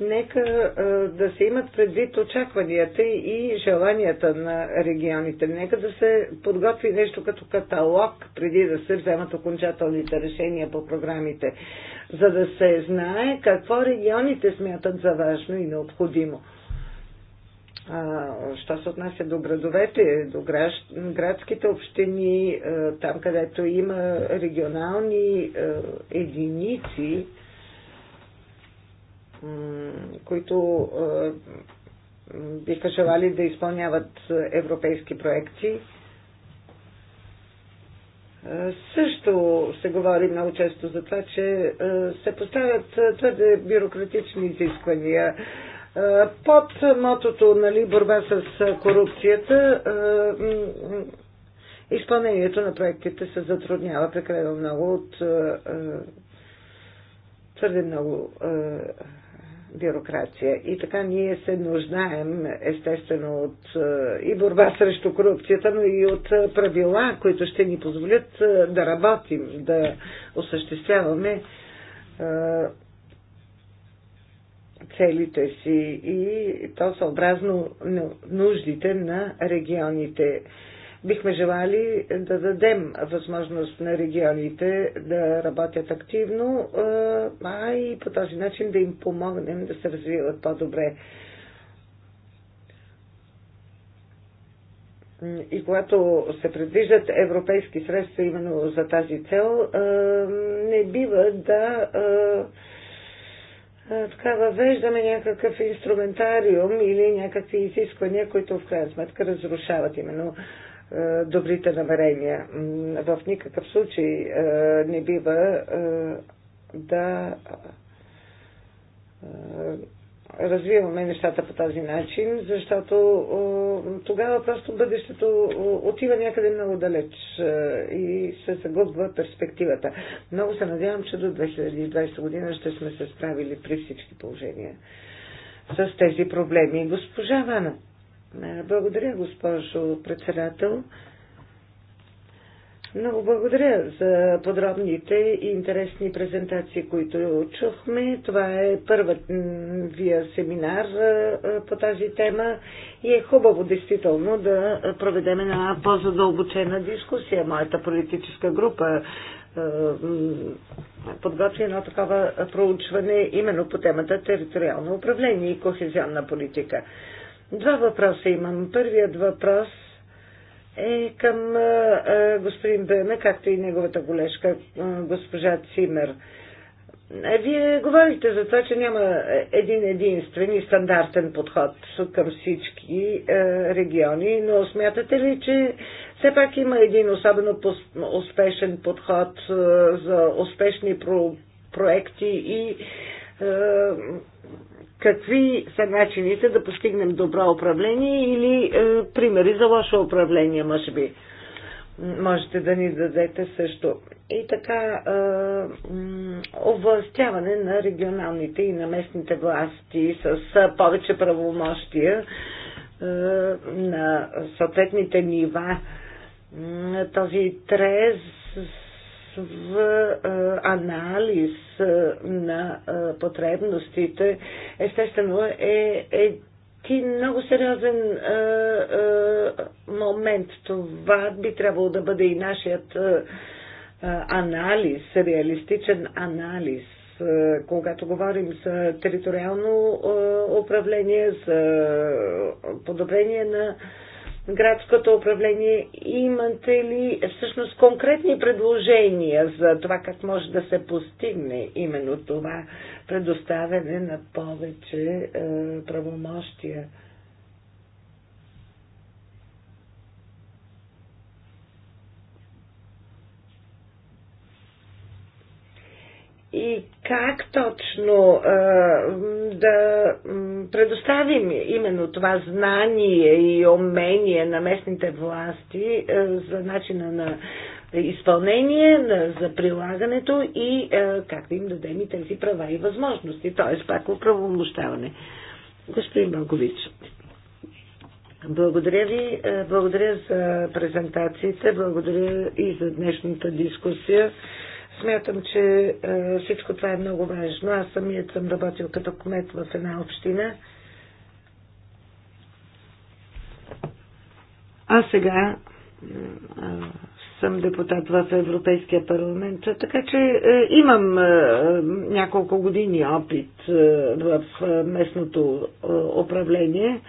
нека е, да се имат предвид очакванията и желанията на регионите. Нека да се подготви нещо като каталог, преди да се вземат окончателните решения по програмите, за да се знае какво регионите смятат за важно и необходимо що се отнася до градовете, до градските общини, там където има регионални единици, които биха желали да изпълняват европейски проекти. Също се говори много често за това, че се поставят твърде бюрократични изисквания е, под мотото нали, борба с корупцията е, изпълнението на проектите се затруднява прекалено много от е, твърде много бюрокрация. И така ние се нуждаем, естествено, от и борба срещу корупцията, но и от правила, които ще ни позволят да работим, да осъществяваме целите си и то съобразно нуждите на регионите. Бихме желали да дадем възможност на регионите да работят активно, а и по този начин да им помогнем да се развиват по-добре. и когато се предвиждат европейски средства именно за тази цел, не бива да така въвеждаме някакъв инструментариум или някакви изисквания, които в крайна сметка разрушават именно добрите намерения. В никакъв случай не бива да развиваме нещата по този начин, защото тогава просто бъдещето отива някъде много далеч и се загубва перспективата. Много се надявам, че до 2020 година ще сме се справили при всички положения с тези проблеми. Госпожа Вана, благодаря, госпожо председател. Много благодаря за подробните и интересни презентации, които чухме. Това е първият вия семинар по тази тема и е хубаво действително да проведем една по-задълбочена дискусия. Моята политическа група подготви едно такова проучване именно по темата териториално управление и кохезионна политика. Два въпроса имам. Първият въпрос – е към господин Беме, както и неговата колежка, госпожа Цимер. Е, вие говорите за това, че няма един единствен и стандартен подход към всички региони, но смятате ли, че все пак има един особено успешен подход за успешни проекти и какви са начините да постигнем добро управление или е, примери за лошо управление, може би. Можете да ни дадете също. И така, е, овластяване на регионалните и на местните власти с е, повече правомощия е, на съответните нива. Този трез извършва е, анализ е, на е, потребностите, естествено е един много сериозен момент. Това би трябвало да бъде и нашият анализ, реалистичен анализ когато говорим за териториално управление, за подобрение на градското управление. Имате ли всъщност конкретни предложения за това как може да се постигне именно това предоставяне на повече е, правомощия? и как точно а, да предоставим именно това знание и умение на местните власти а, за начина на изпълнение, на, за прилагането и а, как да им дадем и тези права и възможности, т.е. пак оправомощаване. Господин Малкович, благодаря ви, благодаря за презентацията, благодаря и за днешната дискусия. Смятам, че е, всичко това е много важно. Аз самият съм работил като кмет в една община. А сега е, съм депутат в Европейския парламент, така че е, имам е, няколко години опит е, в е, местното е, управление.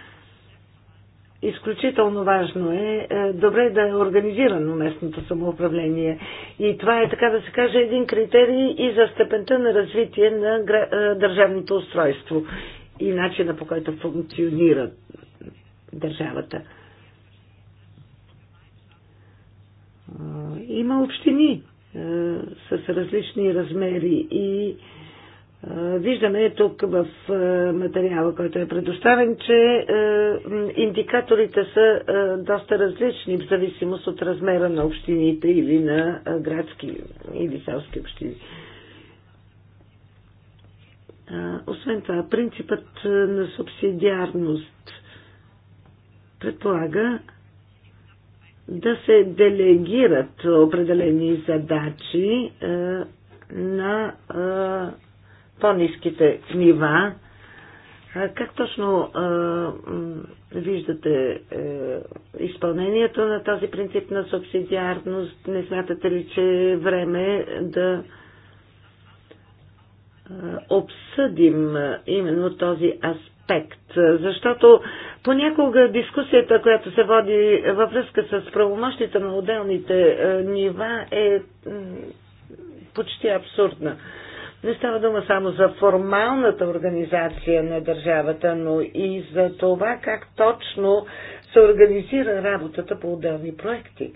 Изключително важно е, е добре да е организирано местното самоуправление. И това е, така да се каже, един критерий и за степента на развитие на е, държавното устройство и начина по който функционира държавата. Е, има общини с различни размери и Виждаме тук в материала, който е предоставен, че индикаторите са доста различни в зависимост от размера на общините или на градски или селски общини. Освен това, принципът на субсидиарност предполага да се делегират определени задачи на по-низките нива. Как точно а, виждате е, изпълнението на този принцип на субсидиарност? Не смятате ли, че е време да обсъдим именно този аспект, защото понякога дискусията, която се води във връзка с правомощите на отделните е, нива е почти абсурдна. Не става дума само за формалната организация на държавата, но и за това как точно се организира работата по отделни проекти.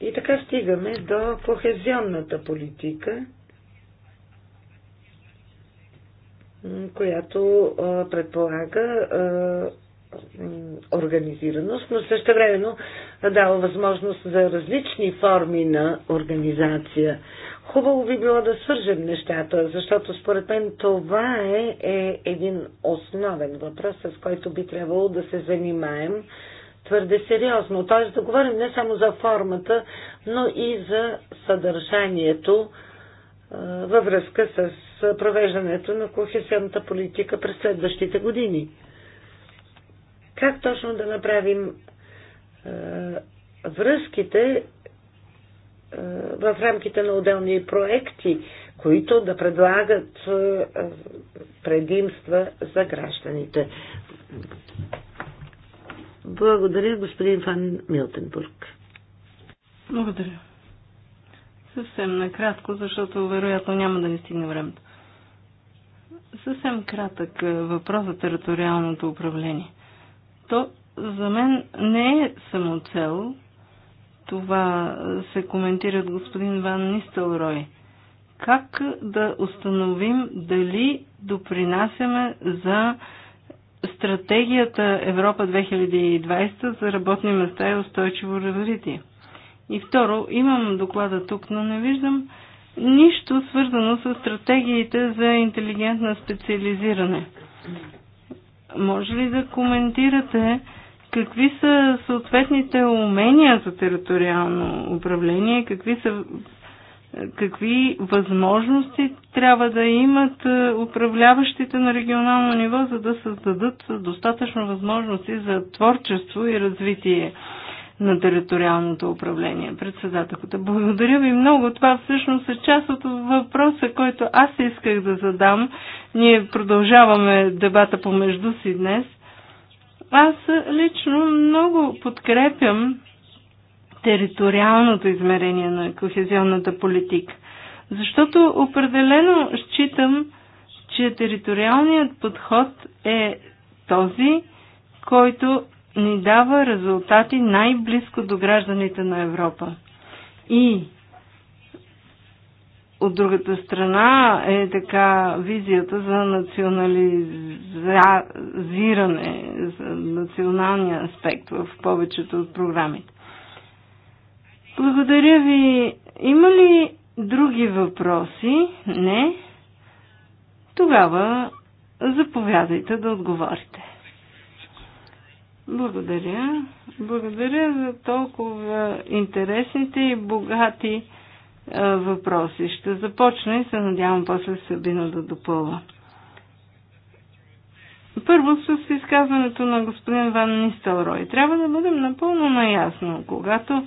И така стигаме до кохезионната политика, която предполага организираност, но същевременно дава възможност за различни форми на организация. Хубаво би било да свържем нещата, защото според мен това е, е един основен въпрос, с който би трябвало да се занимаем твърде сериозно. Т.е. да говорим не само за формата, но и за съдържанието във връзка с провеждането на кохесионната политика през следващите години. Как точно да направим е, връзките е, в рамките на отделни проекти, които да предлагат е, предимства за гражданите? Благодаря, господин Фан Милтенбург. Благодаря. Съвсем накратко, защото вероятно няма да ни стигне времето. Съвсем кратък въпрос за териториалното управление. То за мен не е самоцел. Това се коментира от господин Ван Нистелрой. Как да установим дали допринасяме за стратегията Европа 2020 за работни места и устойчиво развитие? И второ, имам доклада тук, но не виждам нищо свързано с стратегиите за интелигентно специализиране. Може ли да коментирате какви са съответните умения за териториално управление, какви са какви възможности трябва да имат е, управляващите на регионално ниво, за да създадат достатъчно възможности за творчество и развитие на териториалното управление. Председателката, благодаря ви много. Това всъщност е част от въпроса, който аз исках да задам. Ние продължаваме дебата помежду си днес. Аз лично много подкрепям териториалното измерение на кохезионната политика. Защото определено считам, че териториалният подход е този, който ни дава резултати най-близко до гражданите на Европа. И от другата страна е така визията за национализиране, за националния аспект в повечето от програмите. Благодаря ви. Има ли други въпроси? Не. Тогава заповядайте да отговорите. Благодаря. Благодаря за толкова интересните и богати а, е, въпроси. Ще започна и се надявам после Сабина да допълва. Първо с изказването на господин Ван Нистелрой. Трябва да бъдем напълно наясно, когато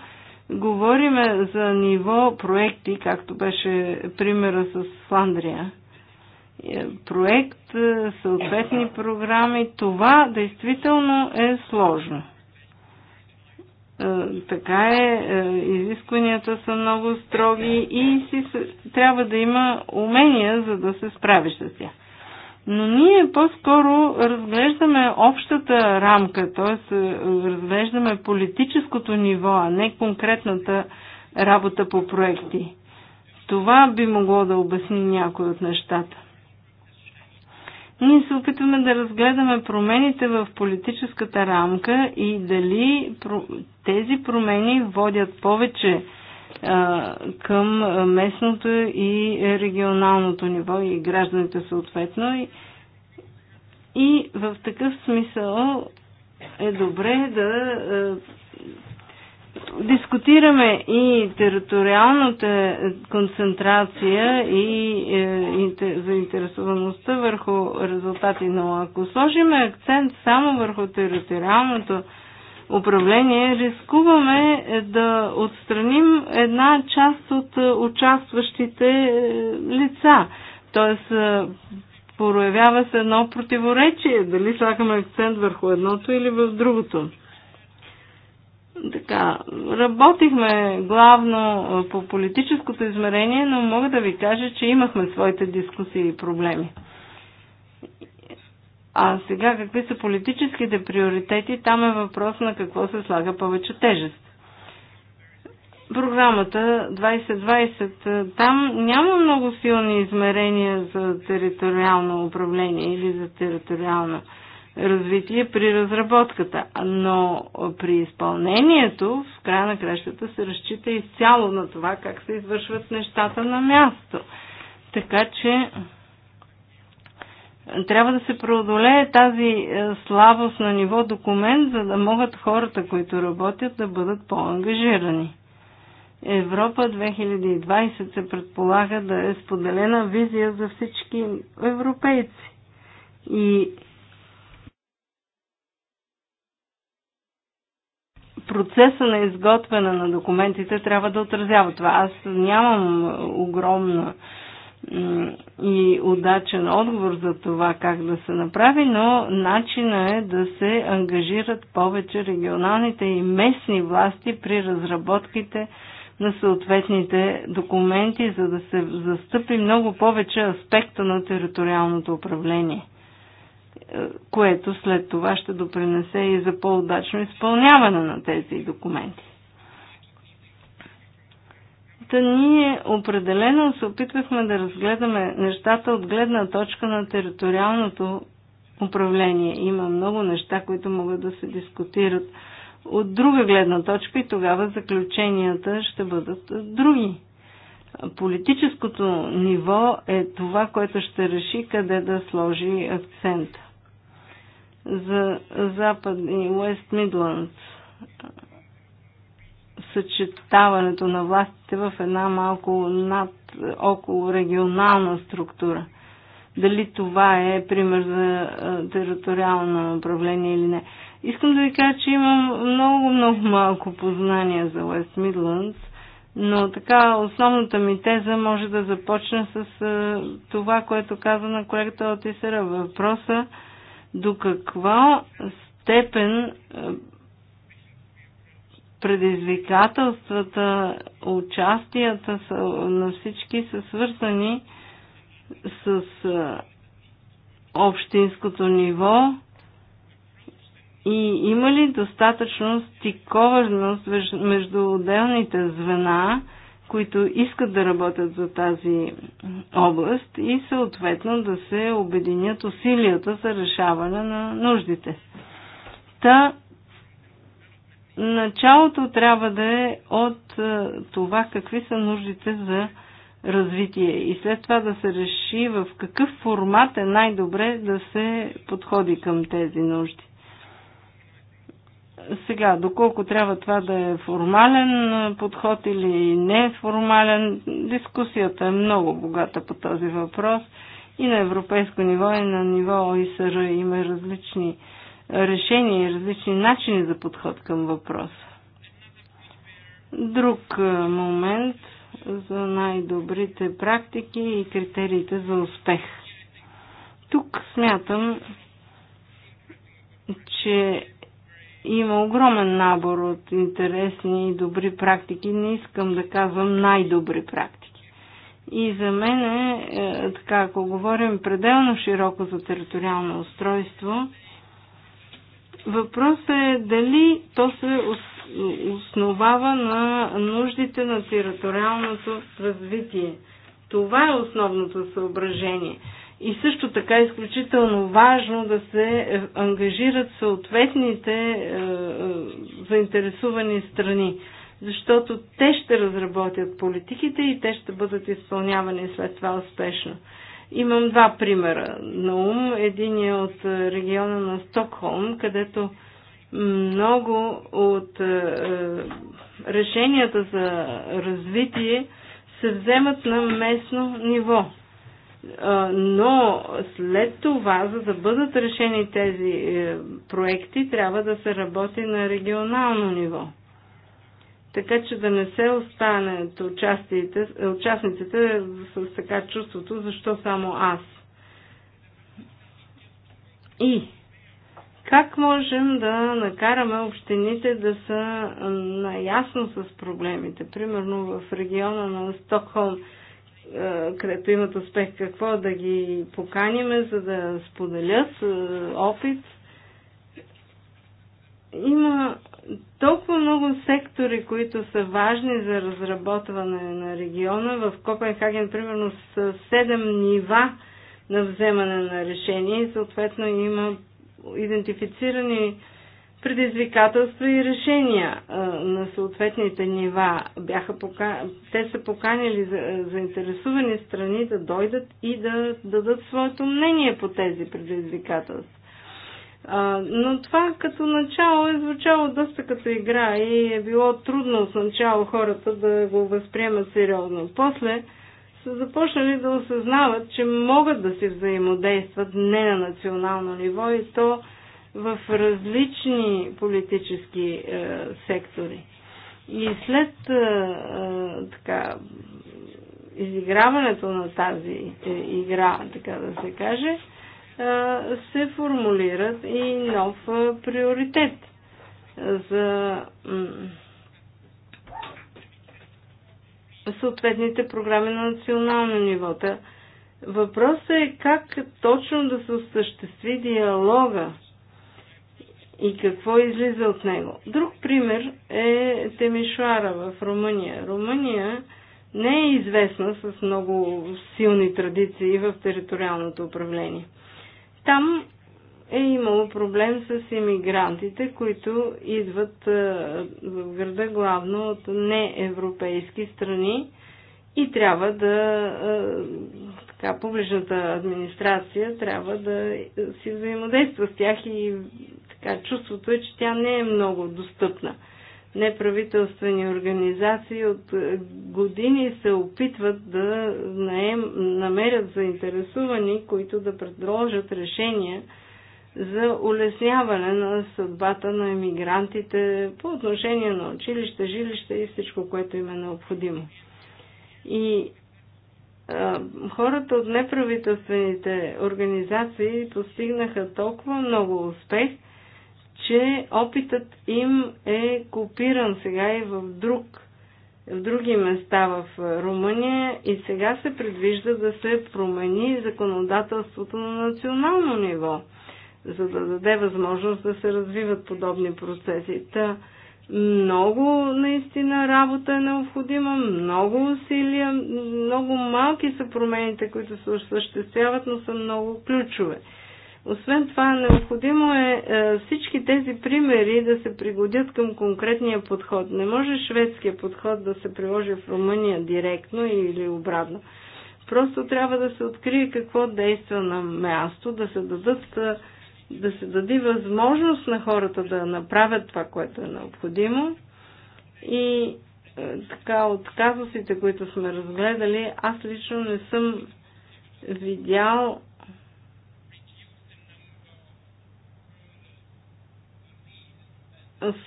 говорим за ниво проекти, както беше примера с Фландрия. Е, проект е, съответни програми. Това действително е сложно. Е, така е, е, изискванията са много строги и си, трябва да има умения, за да се справиш с тях. Но ние по-скоро разглеждаме общата рамка, т.е. разглеждаме политическото ниво, а не конкретната работа по проекти. Това би могло да обясни някои от нещата ние се опитваме да разгледаме промените в политическата рамка и дали тези промени водят повече към местното и регионалното ниво и гражданите съответно. И, и в такъв смисъл е добре да дискутираме и териториалната концентрация и е, заинтересоваността върху резултати, но ако сложим акцент само върху териториалното управление, рискуваме да отстраним една част от е, участващите е, лица. Тоест, е, проявява се едно противоречие, дали слагаме акцент върху едното или в другото. Така, работихме главно по политическото измерение, но мога да ви кажа, че имахме своите дискусии и проблеми. А сега какви са политическите приоритети, там е въпрос на какво се слага повече тежест. Програмата 2020, там няма много силни измерения за териториално управление или за териториална развитие при разработката, но при изпълнението в края на кращата се разчита изцяло на това как се извършват нещата на място. Така че трябва да се преодолее тази е, слабост на ниво документ, за да могат хората, които работят, да бъдат по-ангажирани. Европа 2020 се предполага да е споделена визия за всички европейци. И процеса на изготвяне на документите трябва да отразява това. Аз нямам огромна и удачен отговор за това как да се направи, но начина е да се ангажират повече регионалните и местни власти при разработките на съответните документи, за да се застъпи много повече аспекта на териториалното управление което след това ще допринесе и за по-удачно изпълняване на тези документи. Та ние определено се опитвахме да разгледаме нещата от гледна точка на териториалното управление. Има много неща, които могат да се дискутират от друга гледна точка и тогава заключенията ще бъдат други. Политическото ниво е това, което ще реши къде да сложи акцента за западни Уест Мидландс съчетаването на властите в една малко над около регионална структура. Дали това е пример за териториално управление или не. Искам да ви кажа, че имам много, много малко познания за Уест Мидландс, но така основната ми теза може да започне с това, което каза на колегата от Исера. Въпроса до каква степен е, предизвикателствата, участията на всички са свързани с е, общинското ниво и има ли достатъчно стикованост между отделните звена, които искат да работят за тази област и съответно да се обединят усилията за решаване на нуждите. Та началото трябва да е от е, това какви са нуждите за развитие и след това да се реши в какъв формат е най-добре да се подходи към тези нужди. Сега, доколко трябва това да е формален подход или неформален, дискусията е много богата по този въпрос и на европейско ниво, и на ниво ОИСР има различни решения и различни начини за подход към въпроса. Друг момент за най-добрите практики и критериите за успех. Тук смятам, че има огромен набор от интересни и добри практики. Не искам да казвам най-добри практики. И за мен е, е така, ако говорим пределно широко за териториално устройство, въпросът е дали то се основава на нуждите на териториалното развитие. Това е основното съображение. И също така е изключително важно да се е, ангажират съответните е, е, заинтересувани страни, защото те ще разработят политиките и те ще бъдат изпълнявани след това успешно. Имам два примера на ум. Един е от е, региона на Стокхолм, където много от е, решенията за развитие се вземат на местно ниво но след това, за да бъдат решени тези е, проекти, трябва да се работи на регионално ниво. Така че да не се останат участниците с така чувството, защо само аз. И как можем да накараме общините да са наясно с проблемите? Примерно в региона на Стокхолм е, където имат успех, какво да ги поканиме, за да споделят е, опит. Има толкова много сектори, които са важни за разработване на региона. В Копенхаген, примерно, с седем нива на вземане на решение и съответно има идентифицирани предизвикателства и решения на съответните нива. Бяха пока... Те са поканили за... заинтересувани страни да дойдат и да дадат своето мнение по тези предизвикателства. Но това като начало е звучало доста като игра и е било трудно от начало хората да го възприемат сериозно. После са започнали да осъзнават, че могат да се взаимодействат не на национално ниво и то в различни политически е, сектори. И след е, е, така, изиграването на тази е, игра, така да се каже, е, се формулират и нов е, приоритет е, за съответните програми на национално ниво. Въпросът е как точно да се осъществи диалога и какво излиза от него. Друг пример е Темишуара в Румъния. Румъния не е известна с много силни традиции в териториалното управление. Там е имало проблем с иммигрантите, които идват в града главно от неевропейски страни и трябва да така, публичната администрация трябва да си взаимодейства с тях и така, чувството е, че тя не е много достъпна. Неправителствени организации от е, години се опитват да наем, намерят заинтересувани, които да предложат решения за улесняване на съдбата на емигрантите по отношение на училище, жилище и всичко, което им е необходимо. И хората от неправителствените организации постигнаха толкова много успех, че опитът им е копиран сега и в, друг, в други места в е, Румъния и сега се предвижда да се промени законодателството на национално ниво, за да даде възможност да се развиват подобни процеси. Та, много наистина работа е необходима, много усилия, много малки са промените, които се осъществяват, но са много ключове. Освен това, необходимо е, е всички тези примери да се пригодят към конкретния подход. Не може шведския подход да се приложи в Румъния директно или обратно. Просто трябва да се открие какво действа на място, да се дадат е, да се даде възможност на хората да направят това, което е необходимо. И е, така, от казусите, които сме разгледали, аз лично не съм видял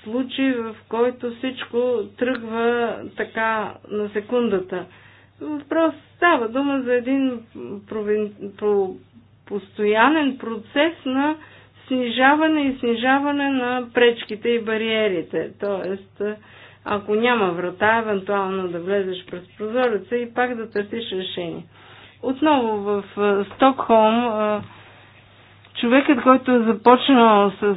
случай, в който всичко тръгва така на секундата. Въпрос става дума за един провин... по... постоянен процес на снижаване и снижаване на пречките и бариерите. Тоест, ако няма врата, евентуално да влезеш през прозореца и пак да търсиш решение. Отново в Стокхолм човекът, който е започнал с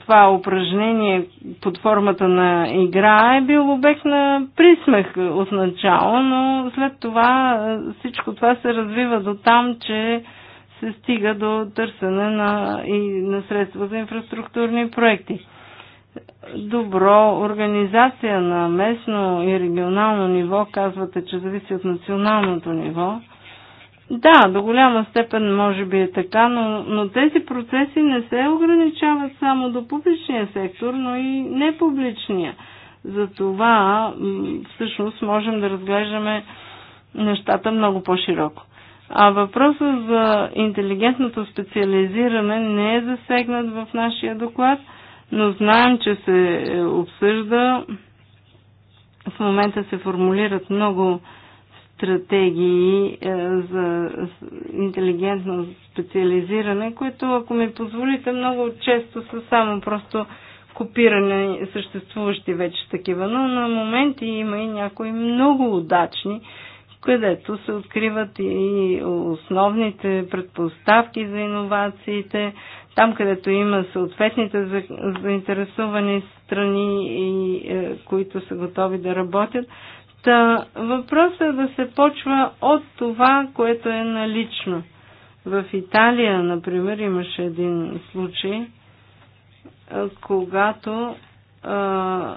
това упражнение под формата на игра, е бил обект на присмех отначало, но след това всичко това се развива до там, че се стига до търсене на, и на средства за инфраструктурни проекти. Добро организация на местно и регионално ниво, казвате, че зависи от националното ниво да, до голяма степен може би е така, но, но тези процеси не се ограничават само до публичния сектор, но и непубличния. Затова всъщност можем да разглеждаме нещата много по-широко. А въпросът за интелигентното специализиране не е засегнат в нашия доклад, но знаем, че се е, обсъжда. В момента се формулират много стратегии е, за интелигентно специализиране, които, ако ми позволите, много често са само просто копиране съществуващи вече такива, но на моменти има и някои много удачни, където се откриват и основните предпоставки за иновациите, там където има съответните заинтересовани страни, и, е, които са готови да работят, Та, въпросът е да се почва от това, което е налично. В Италия, например, имаше един случай, когато а,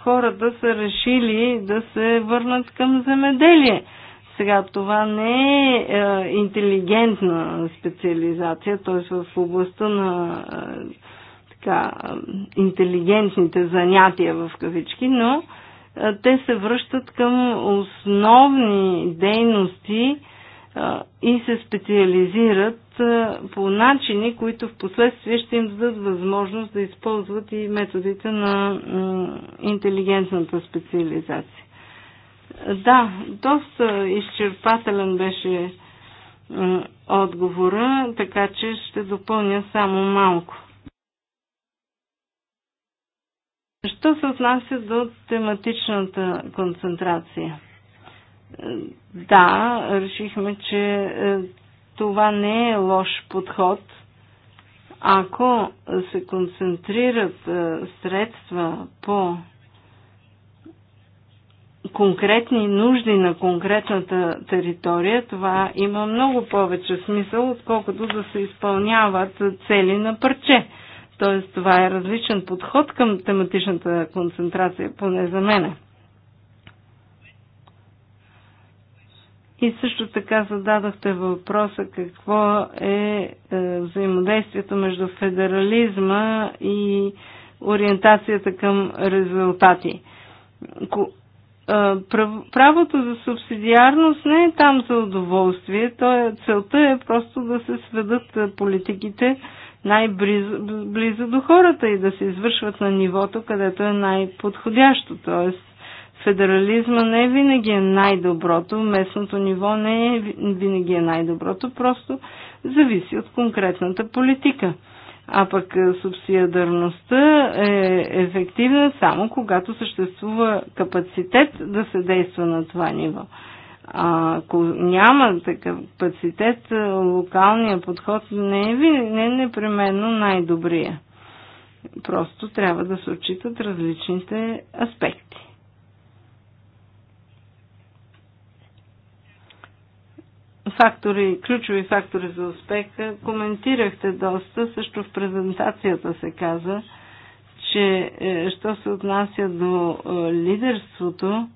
хората са решили да се върнат към земеделие. Сега това не е, а, интелигентна специализация, т.е. в областта на а, така, интелигентните занятия в кавички, но а, е, те се връщат към основни дейности е, и се специализират е, по начини, които в последствие ще им дадат възможност да използват и методите на интелигентната специализация. Да, доста изчерпателен беше отговора, така че ще допълня само малко. Що се отнася до тематичната концентрация? Да, решихме, че е, това не е лош подход. Ако се концентрират е, средства по конкретни нужди на конкретната територия, това има много повече смисъл, отколкото да се изпълняват цели на парче т.е. това е различен подход към тематичната концентрация, поне за мене. И също така зададохте въпроса какво е, е взаимодействието между федерализма и ориентацията към резултати. Е, правото за субсидиарност не е там за удоволствие, то е, целта е просто да се сведат е, политиките най-близо близо до хората и да се извършват на нивото, където е най-подходящо. Тоест, федерализма не винаги е най-доброто, местното ниво не е винаги е най-доброто, просто зависи от конкретната политика. А пък е, субсидиарността е ефективна само когато съществува капацитет да се действа на това ниво ако няма такъв капацитет, е, локалният подход не е, не е непременно най-добрия. Просто трябва да се отчитат различните аспекти. Фактори, ключови фактори за успеха коментирахте доста, също в презентацията се каза, че е, що се отнася до е, лидерството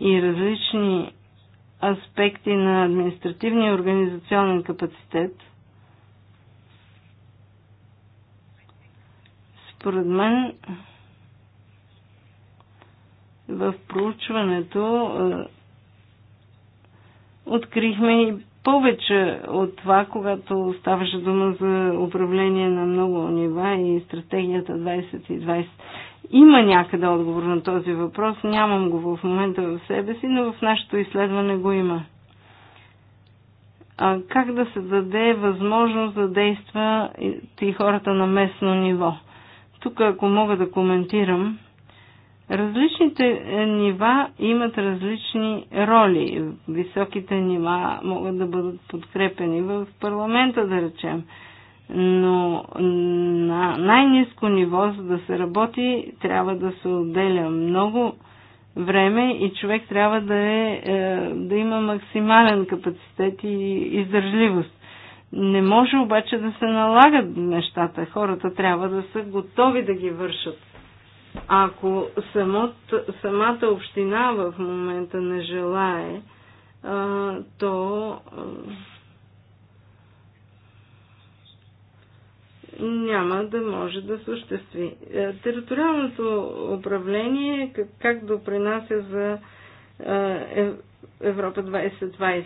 и различни аспекти на административния и организационен капацитет. Според мен в проучването е, открихме и повече от това, когато ставаше дума за управление на много нива и стратегията 2020. Има някъде отговор на този въпрос, нямам го в момента в себе си, но в нашето изследване го има. А, как да се даде възможност да действат и хората на местно ниво? Тук, ако мога да коментирам, Различните нива имат различни роли. Високите нива могат да бъдат подкрепени в парламента, да речем но на най-низко ниво, за да се работи, трябва да се отделя много време и човек трябва да, е, е, да има максимален капацитет и издържливост. Не може обаче да се налагат нещата. Хората трябва да са готови да ги вършат. Ако самот, самата община в момента не желае, то няма да може да съществи. Е, териториалното управление как допринася за е, Европа 2020?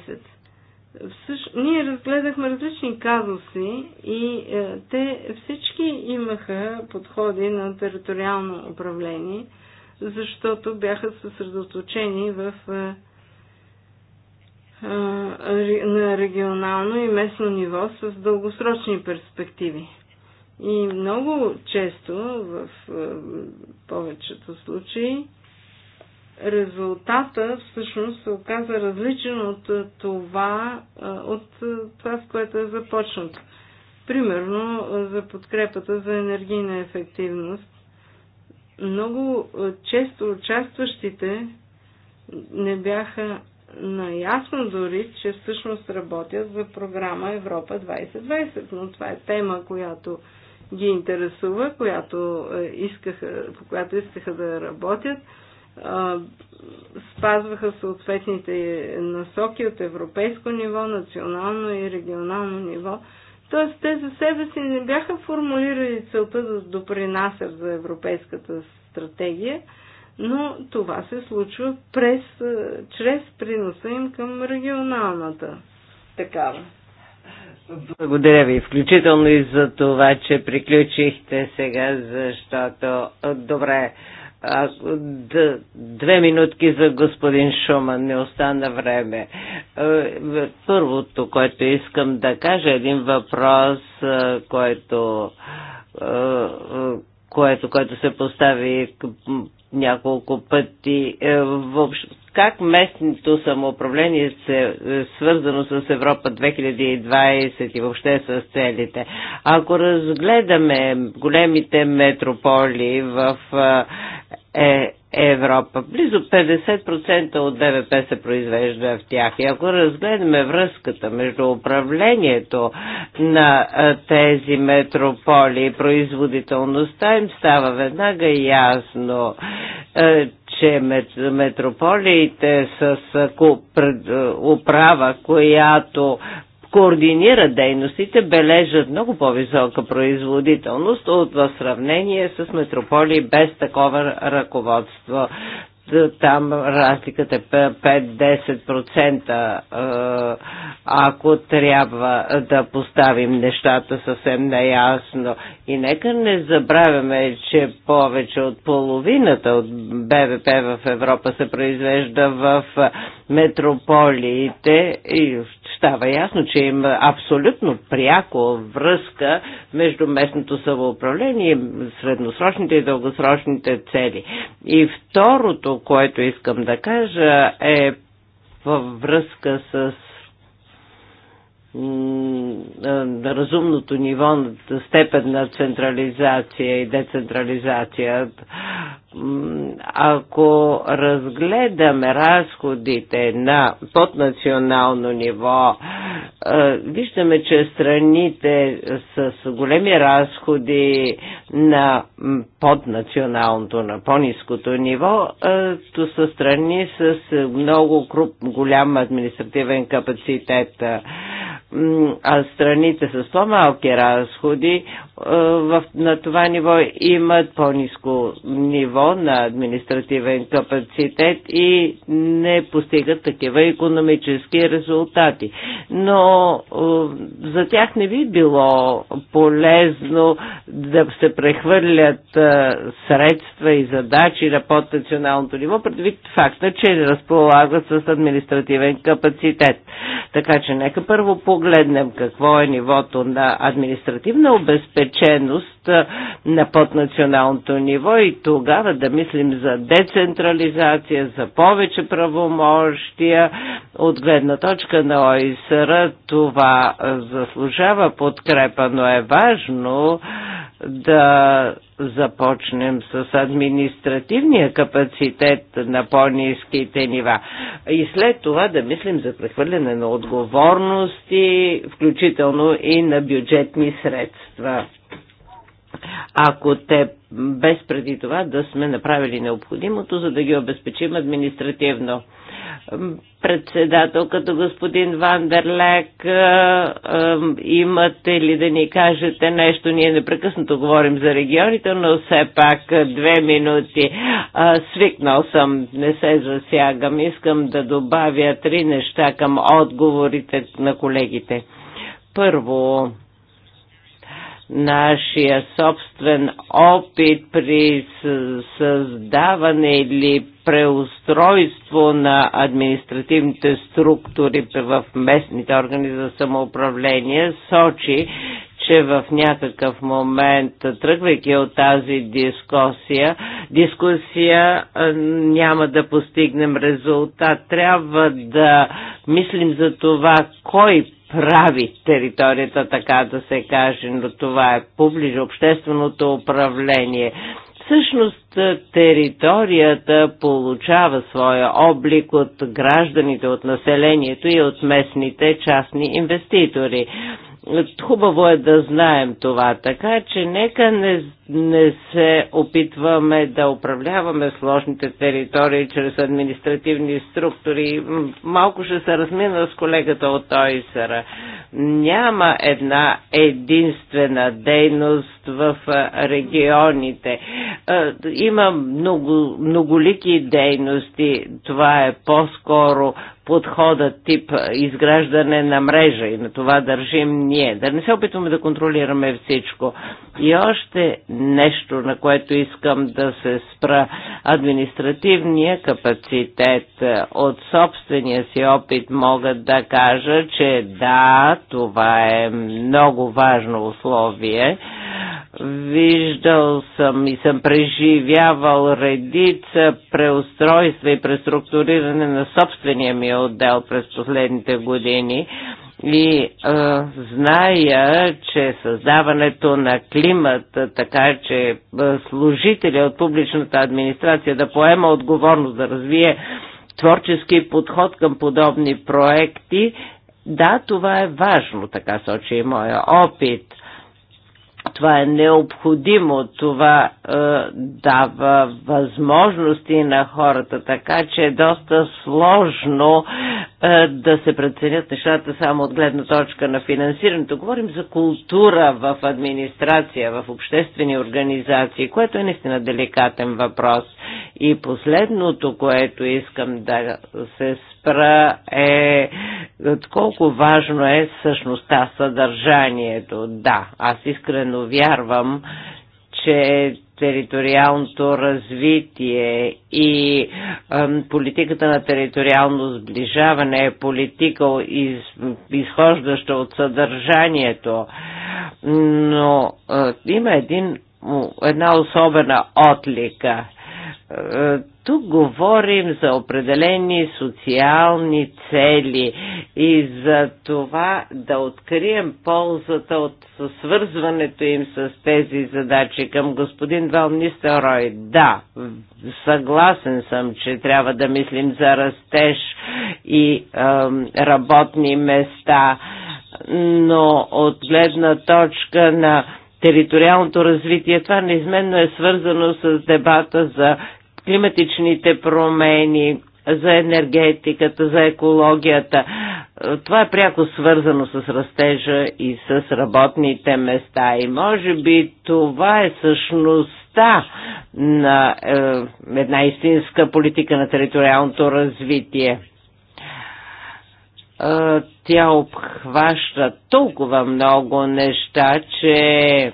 Всъщ... Ние разгледахме различни казуси и е, те всички имаха подходи на териториално управление, защото бяха съсредоточени в на регионално и местно ниво с дългосрочни перспективи. И много често, в е, повечето случаи, резултата всъщност се оказа различен от е, това, е, от това, с което е започнато. Примерно за подкрепата за енергийна ефективност. Много често участващите не бяха наясно дори, че всъщност работят за програма Европа 2020, но това е тема, която ги интересува, която е, искаха, по която искаха да работят. Спазваха съответните насоки от европейско ниво, национално и регионално ниво. Тоест, те за себе си не бяха формулирали целта да допринасят за европейската стратегия, но това се случва през, е, чрез приноса им към регионалната такава. Благодаря ви, включително и за това, че приключихте сега, защото добре. А, две минутки за господин Шуман, не остана време. Първото, което искам да кажа, е един въпрос, който, което, което се постави няколко пъти е, въобще как местното самоуправление се е, свързано с Европа 2020 и въобще с целите. Ако разгледаме големите метрополи в е, е Европа. Близо 50% от ДВП се произвежда в тях. И ако разгледаме връзката между управлението на е, тези метрополи и производителността, им става веднага ясно, че метрополиите с е, управа, която координира дейностите, бележат много по-висока производителност от в сравнение с метрополии без такова ръководство там разликата е 5-10%. Е, ако трябва да поставим нещата съвсем наясно. И нека не забравяме, че повече от половината от БВП в Европа се произвежда в метрополиите и в става ясно, че има абсолютно пряко връзка между местното самоуправление, средносрочните и дългосрочните цели. И второто, което искам да кажа е във връзка с на разумното ниво, на степен на централизация и децентрализация. Ако разгледаме разходите на поднационално ниво, виждаме, че страните с големи разходи на поднационалното, на по-низкото ниво, то са страни с много голям административен капацитет а страните с по-малки разходи е, в, на това ниво имат по-низко ниво на административен капацитет и не постигат такива економически резултати. Но е, за тях не би било полезно да се прехвърлят е, средства и задачи на поднационалното ниво, предвид факта, че разполагат с административен капацитет. Така че нека първо погледнем какво е нивото на административна обезпечение отдалеченост на поднационалното ниво и тогава да мислим за децентрализация, за повече правомощия. От гледна точка на ОИСР това заслужава подкрепа, но е важно да започнем с административния капацитет на по-низките нива. И след това да мислим за прехвърляне на отговорности, включително и на бюджетни средства ако те без преди това да сме направили необходимото, за да ги обезпечим административно. Председателката господин Вандерлек, имате ли да ни кажете нещо? Ние непрекъснато говорим за регионите, но все пак две минути. Свикнал съм, не се засягам. Искам да добавя три неща към отговорите на колегите. Първо, нашия собствен опит при създаване или преустройство на административните структури в местните органи за самоуправление сочи, че в някакъв момент, тръгвайки от тази дискусия, дискусия няма да постигнем резултат. Трябва да мислим за това кой прави територията, така да се каже, но това е публично общественото управление. Всъщност е, територията получава своя облик от гражданите, от населението и от местните частни инвеститори. Хубаво е да знаем това, така че нека не, не се опитваме да управляваме сложните територии чрез административни структури. Малко ще се размина с колегата от Тойсера. Няма една единствена дейност в регионите. Има много, многолики дейности. Това е по-скоро подхода тип изграждане на мрежа и на това държим ние. Да не се опитваме да контролираме всичко. И още нещо, на което искам да се спра. Административния капацитет от собствения си опит мога да кажа, че да, това е много важно условие Виждал съм и съм преживявал редица преустройства и преструктуриране на собствения ми отдел през последните години и а, зная, че създаването на климат, така че служители от публичната администрация да поема отговорност да развие творчески подход към подобни проекти, да, това е важно, така сочи и моя опит – това е необходимо, това е, дава възможности на хората, така че е доста сложно е, да се преценят нещата само от гледна точка на финансирането. Говорим за култура в администрация, в обществени организации, което е наистина деликатен въпрос. И последното, което искам да се спомня, спра е колко важно е същността, съдържанието. Да, аз искрено вярвам, че териториалното развитие и е, политиката на териториално сближаване е политика из, изхождаща от съдържанието. Но е, има един, една особена отлика – е, тук говорим за определени социални цели и за това да открием ползата от свързването им с тези задачи. Към господин Валнистер Рой, да, съгласен съм, че трябва да мислим за растеж и е, работни места, но от гледна точка на териториалното развитие. Това неизменно е свързано с дебата за климатичните промени, за енергетиката, за екологията. Това е пряко свързано с растежа и с работните места. И може би това е същността на е, една истинска политика на териториалното развитие тя обхваща толкова много неща, че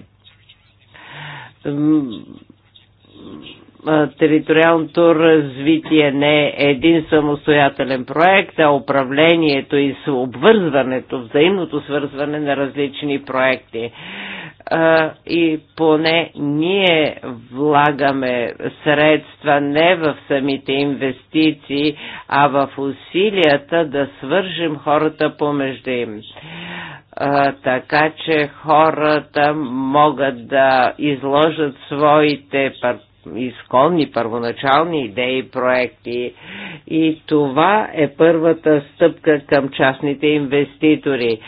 териториалното развитие не е един самостоятелен проект, а управлението и обвързването, взаимното свързване на различни проекти. И поне ние влагаме средства не в самите инвестиции, а в усилията да свържем хората помежду им така че хората могат да изложат своите изконни, първоначални идеи проекти. И това е първата стъпка към частните инвеститори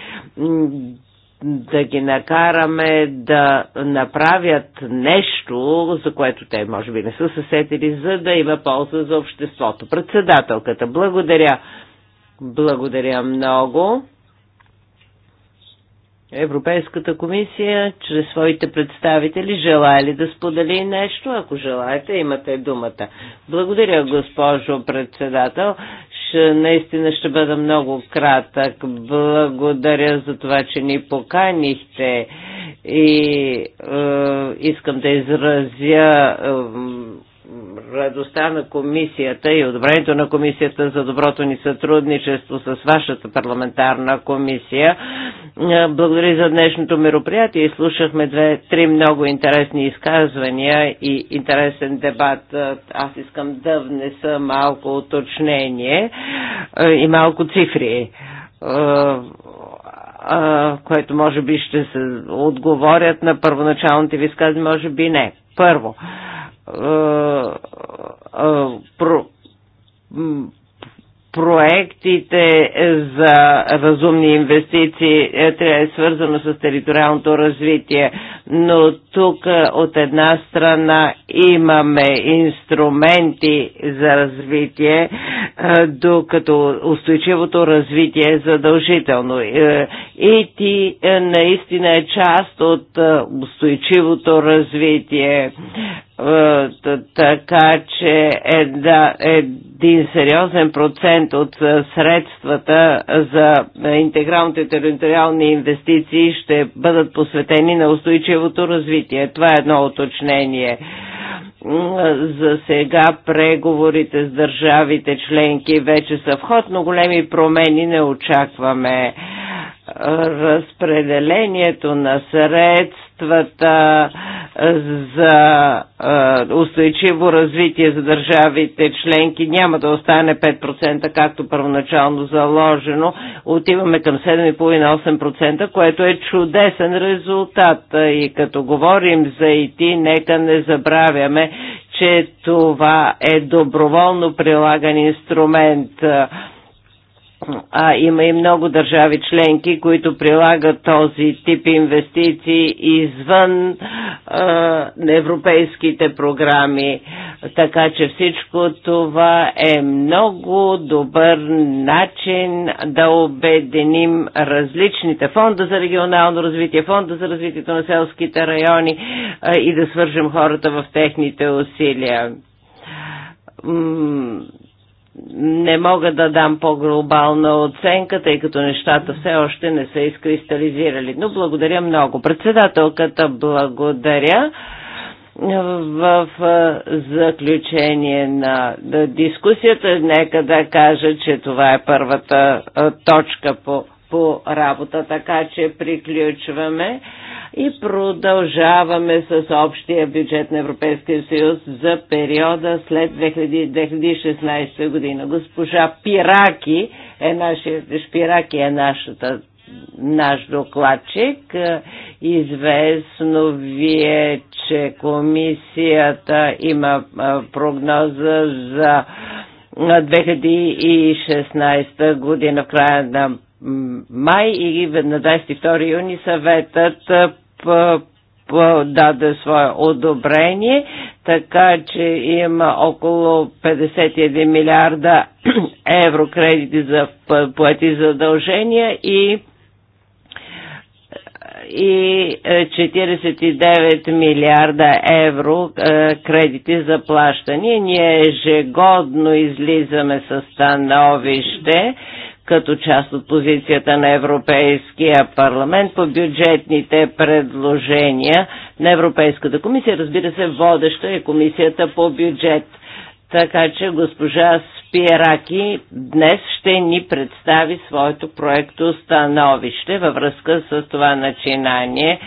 да ги накараме да направят нещо, за което те може би не са съсетили, за да има полза за обществото. Председателката, благодаря. Благодаря много. Европейската комисия чрез своите представители желая ли да сподели нещо? Ако желаете, имате думата. Благодаря, госпожо председател. Ще, наистина ще бъда много кратък. Благодаря за това, че ни поканихте и е, искам да изразя е, радостта на комисията и одобрението на комисията за доброто ни сътрудничество с вашата парламентарна комисия. Е, Благодаря за днешното мероприятие слушахме две, три много интересни изказвания и интересен дебат. Е, аз искам да внеса малко уточнение е, и малко цифри което може би ще се отговорят на първоначалните ви скази, може би не. Първо, про, проектите за разумни инвестиции е, трябва е свързано с териториалното развитие, но тук е, от една страна имаме инструменти за развитие, е, докато устойчивото развитие е задължително. И ти наистина е част от устойчивото развитие. Е, така че един сериозен процент от е, средствата за интегралните териториални инвестиции ще бъдат посветени на устойчивото развитие. Това е едно уточнение. За сега преговорите с държавите членки вече са вход, но големи промени не очакваме разпределението на средства средствата за устойчиво развитие за държавите членки няма да остане 5%, както първоначално заложено. Отиваме към 7,5-8%, което е чудесен резултат. И като говорим за ИТ, нека не забравяме, че това е доброволно прилаган инструмент а има и много държави членки, които прилагат този тип инвестиции извън а, европейските програми. Така че всичко това е много добър начин да обединим различните фонда за регионално развитие, фонда за развитието на селските райони а, и да свържем хората в техните усилия не мога да дам по-глобална оценка, тъй като нещата все още не са изкристализирали. Но благодаря много. Председателката, благодаря в заключение на дискусията, нека да кажа, че това е първата точка по, по работа, така че приключваме и продължаваме с общия бюджет на Европейския съюз за периода след 2016 година. Госпожа Пираки е, нашия, Пираки е нашата наш докладчик. Известно ви е, че комисията има прогноза за 2016 година в края на май и на 22 юни съветът даде свое одобрение, така че има около 51 милиарда евро кредити за плати задължения и и 49 е, милиарда евро е, кредити за плащане. Ние ежегодно излизаме с становище като част от позицията на Европейския парламент по бюджетните предложения на Европейската комисия. Разбира се, водеща е комисията по бюджет. Така че госпожа Спираки днес ще ни представи своето проекто становище във връзка с това начинание.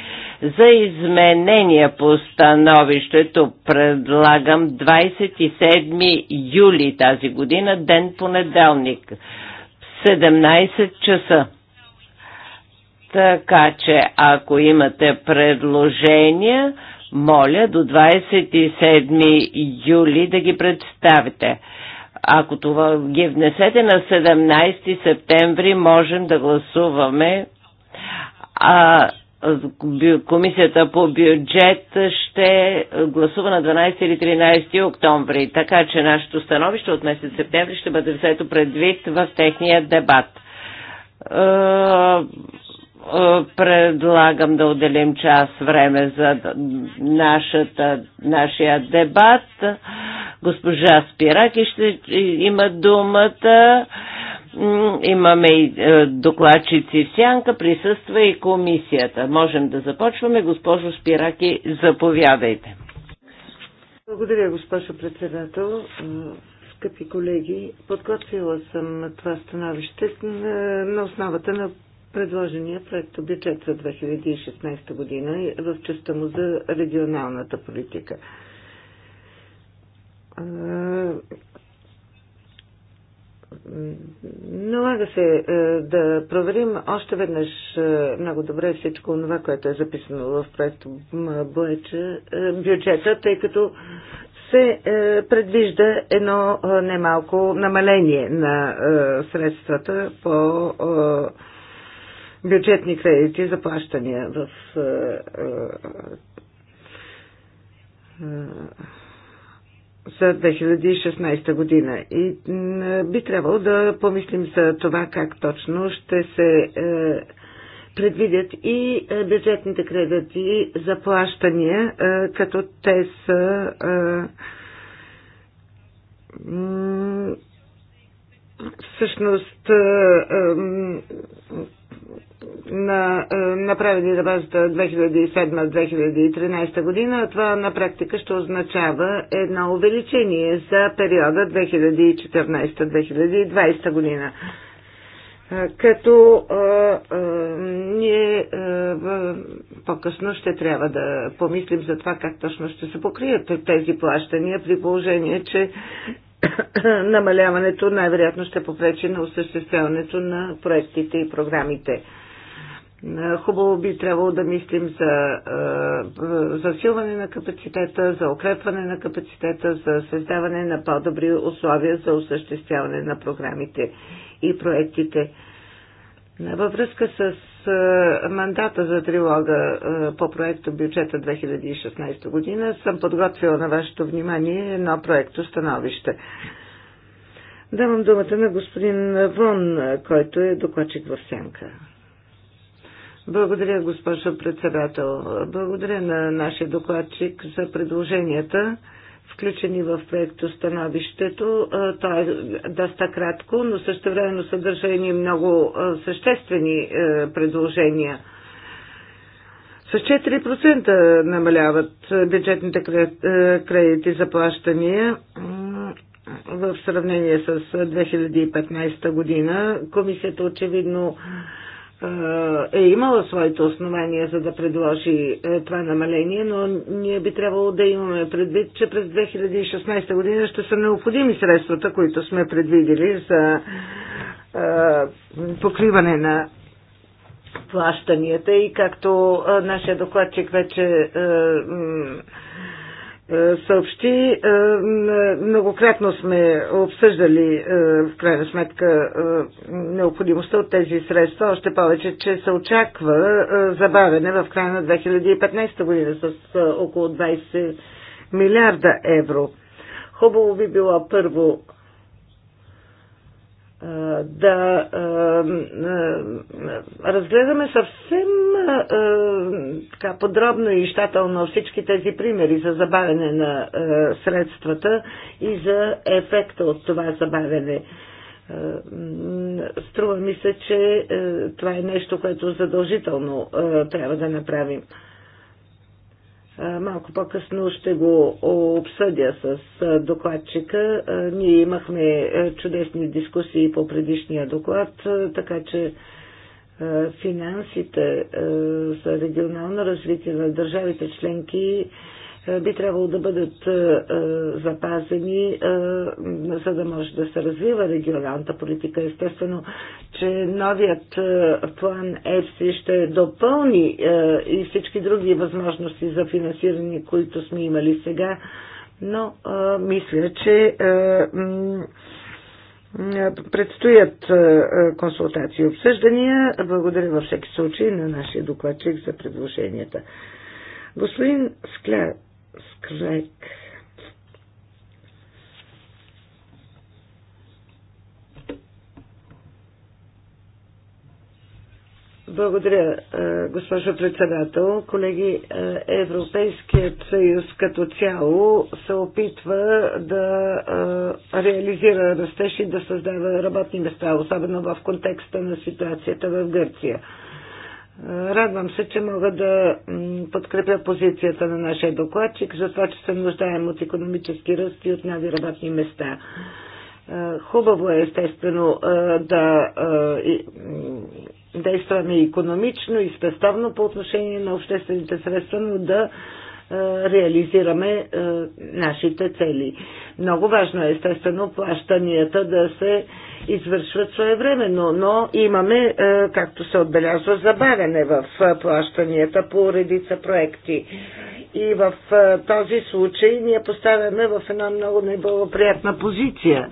За изменение по становището предлагам 27 юли тази година, ден понеделник. 17 часа. Така че, ако имате предложения, моля до 27 юли да ги представите. Ако това ги внесете на 17 септември, можем да гласуваме а, Комисията по бюджет ще гласува на 12 или 13 октомври, така че нашето становище от месец септември ще бъде взето предвид в техния дебат е, е, предлагам да отделим час време за нашата, нашия дебат. Госпожа Спираки ще има думата. Имаме и е, докладчици в сянка, присъства и комисията. Можем да започваме. Госпожо Спираки, заповядайте. Благодаря, госпожо председател е, скъпи колеги, подготвила съм това становище на основата на предложения проект бюджет за 2016 година в частта му за регионалната политика. Налага се да проверим още веднъж много добре всичко това, което е записано в проект бюджета, тъй като се предвижда едно немалко намаление на средствата по бюджетни кредити за плащания в е, е, е, за 2016 година. И би трябвало да помислим за това как точно ще се предвидят и бюджетните кредити за плащания, като те са всъщност на, е, направени за базата 2007-2013 година, това на практика ще означава едно увеличение за периода 2014-2020 година. Е, като а, е, а, ние по-късно ще трябва да помислим за това как точно ще се покрият тези плащания при положение, че намаляването най-вероятно ще попречи на осъществяването на проектите и програмите. Хубаво би трябвало да мислим за засилване на капацитета, за укрепване на капацитета, за създаване на по-добри условия за осъществяване на програмите и проектите. Във връзка с мандата за трилога по проекто бюджета 2016 година съм подготвила на вашето внимание едно проекто становище. Давам думата на господин Вон, който е докладчик в сенка. Благодаря, госпожо председател. Благодаря на нашия докладчик за предложенията, включени в проекто становището. То е доста кратко, но също времено съдържа и много съществени е, предложения. С 4% намаляват бюджетните е, кредити за плащания в сравнение с 2015 година. Комисията очевидно е имала своите основания за да предложи е, това намаление, но ние би трябвало да имаме предвид, че през 2016 година ще са необходими средствата, които сме предвидели за е, покриване на плащанията и както е, нашия докладчик вече е, съобщи. Е, многократно сме обсъждали е, в крайна сметка необходимостта от тези средства, още повече, че се очаква забавене в края на 2015 година с около 20 милиарда евро. Хубаво би било първо да разгледаме съвсем така подробно и щателно всички тези примери за забавяне на средствата и за ефекта от това забавяне. Струва ми се, че това е нещо, което задължително трябва да направим. Малко по-късно ще го обсъдя с докладчика. Ние имахме чудесни дискусии по предишния доклад, така че финансите за регионално развитие на държавите членки би трябвало да бъдат е, е, запазени, е, за да може да се развива регионалната политика. Естествено, че новият план ЕФСИ ще допълни и всички други възможности за финансиране, които сме имали сега, но мисля, че Предстоят консултации и обсъждания. Благодаря във всеки случай на нашия докладчик за предложенията. Господин Скляр, Склек. Благодаря, е, госпожо председател. Колеги, е, Европейският съюз като цяло се опитва да е, реализира растеж и да създава работни места, особено в контекста на ситуацията в Гърция. Радвам се, че мога да подкрепя позицията на нашия докладчик за това, че се нуждаем от економически ръст и от нови работни места. Хубаво е, естествено, да действаме економично и спестовно по отношение на обществените средства, но да реализираме нашите цели. Много важно е, естествено, плащанията да се извършват своевременно, но имаме, е, както се отбелязва, забавяне в е, плащанията по редица проекти. И в е, този случай ние поставяме в една много неблагоприятна позиция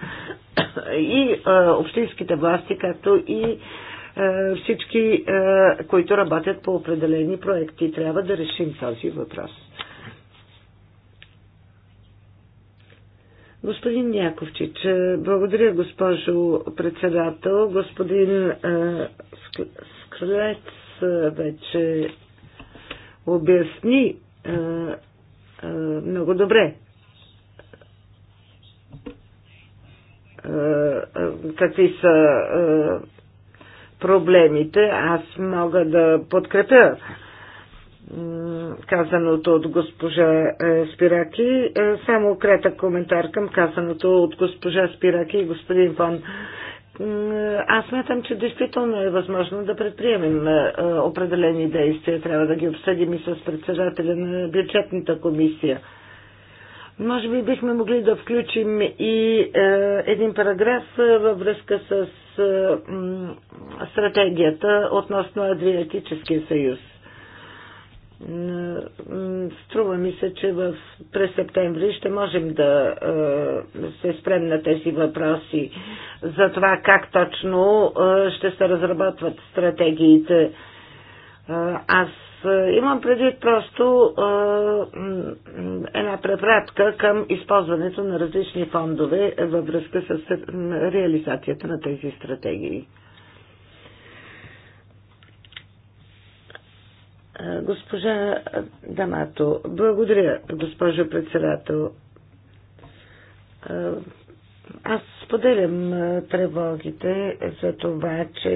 и общинските власти, както и всички, които работят по определени проекти. Трябва да решим този въпрос. Господин Яковчич, е, благодаря госпожо председател. Господин е, Скрелец е, вече обясни много добре какви са проблемите. Аз мога да подкрепя казаното от госпожа е, Спираки. Е, само кратък коментар към казаното от госпожа Спираки и господин Вон. Аз смятам, че действително е възможно да предприемем е, определени действия. Трябва да ги обсъдим и с председателя на бюджетната комисия. Може би бихме могли да включим и е, един параграф във връзка с е, стратегията относно Адриатическия съюз. Струва ми се, че в, през септември ще можем да е, се спрем на тези въпроси за това как точно е, ще се разработват стратегиите. Е, аз е, имам предвид просто е, една препратка към използването на различни фондове във връзка с е, реализацията на тези стратегии. Госпожа Дамато, благодаря, госпожо председател. Аз споделям тревогите за това, че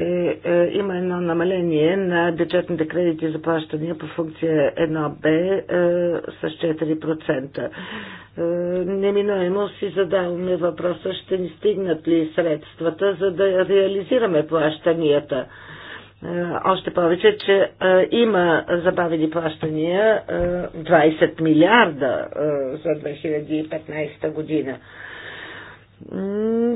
има едно намаление на бюджетните кредити за плащания по функция 1Б с 4%. Неминуемо си задаваме въпроса, ще ни стигнат ли средствата, за да реализираме плащанията. Е, още повече, че е, има забавени плащания 20 е, милиарда за 2015 година.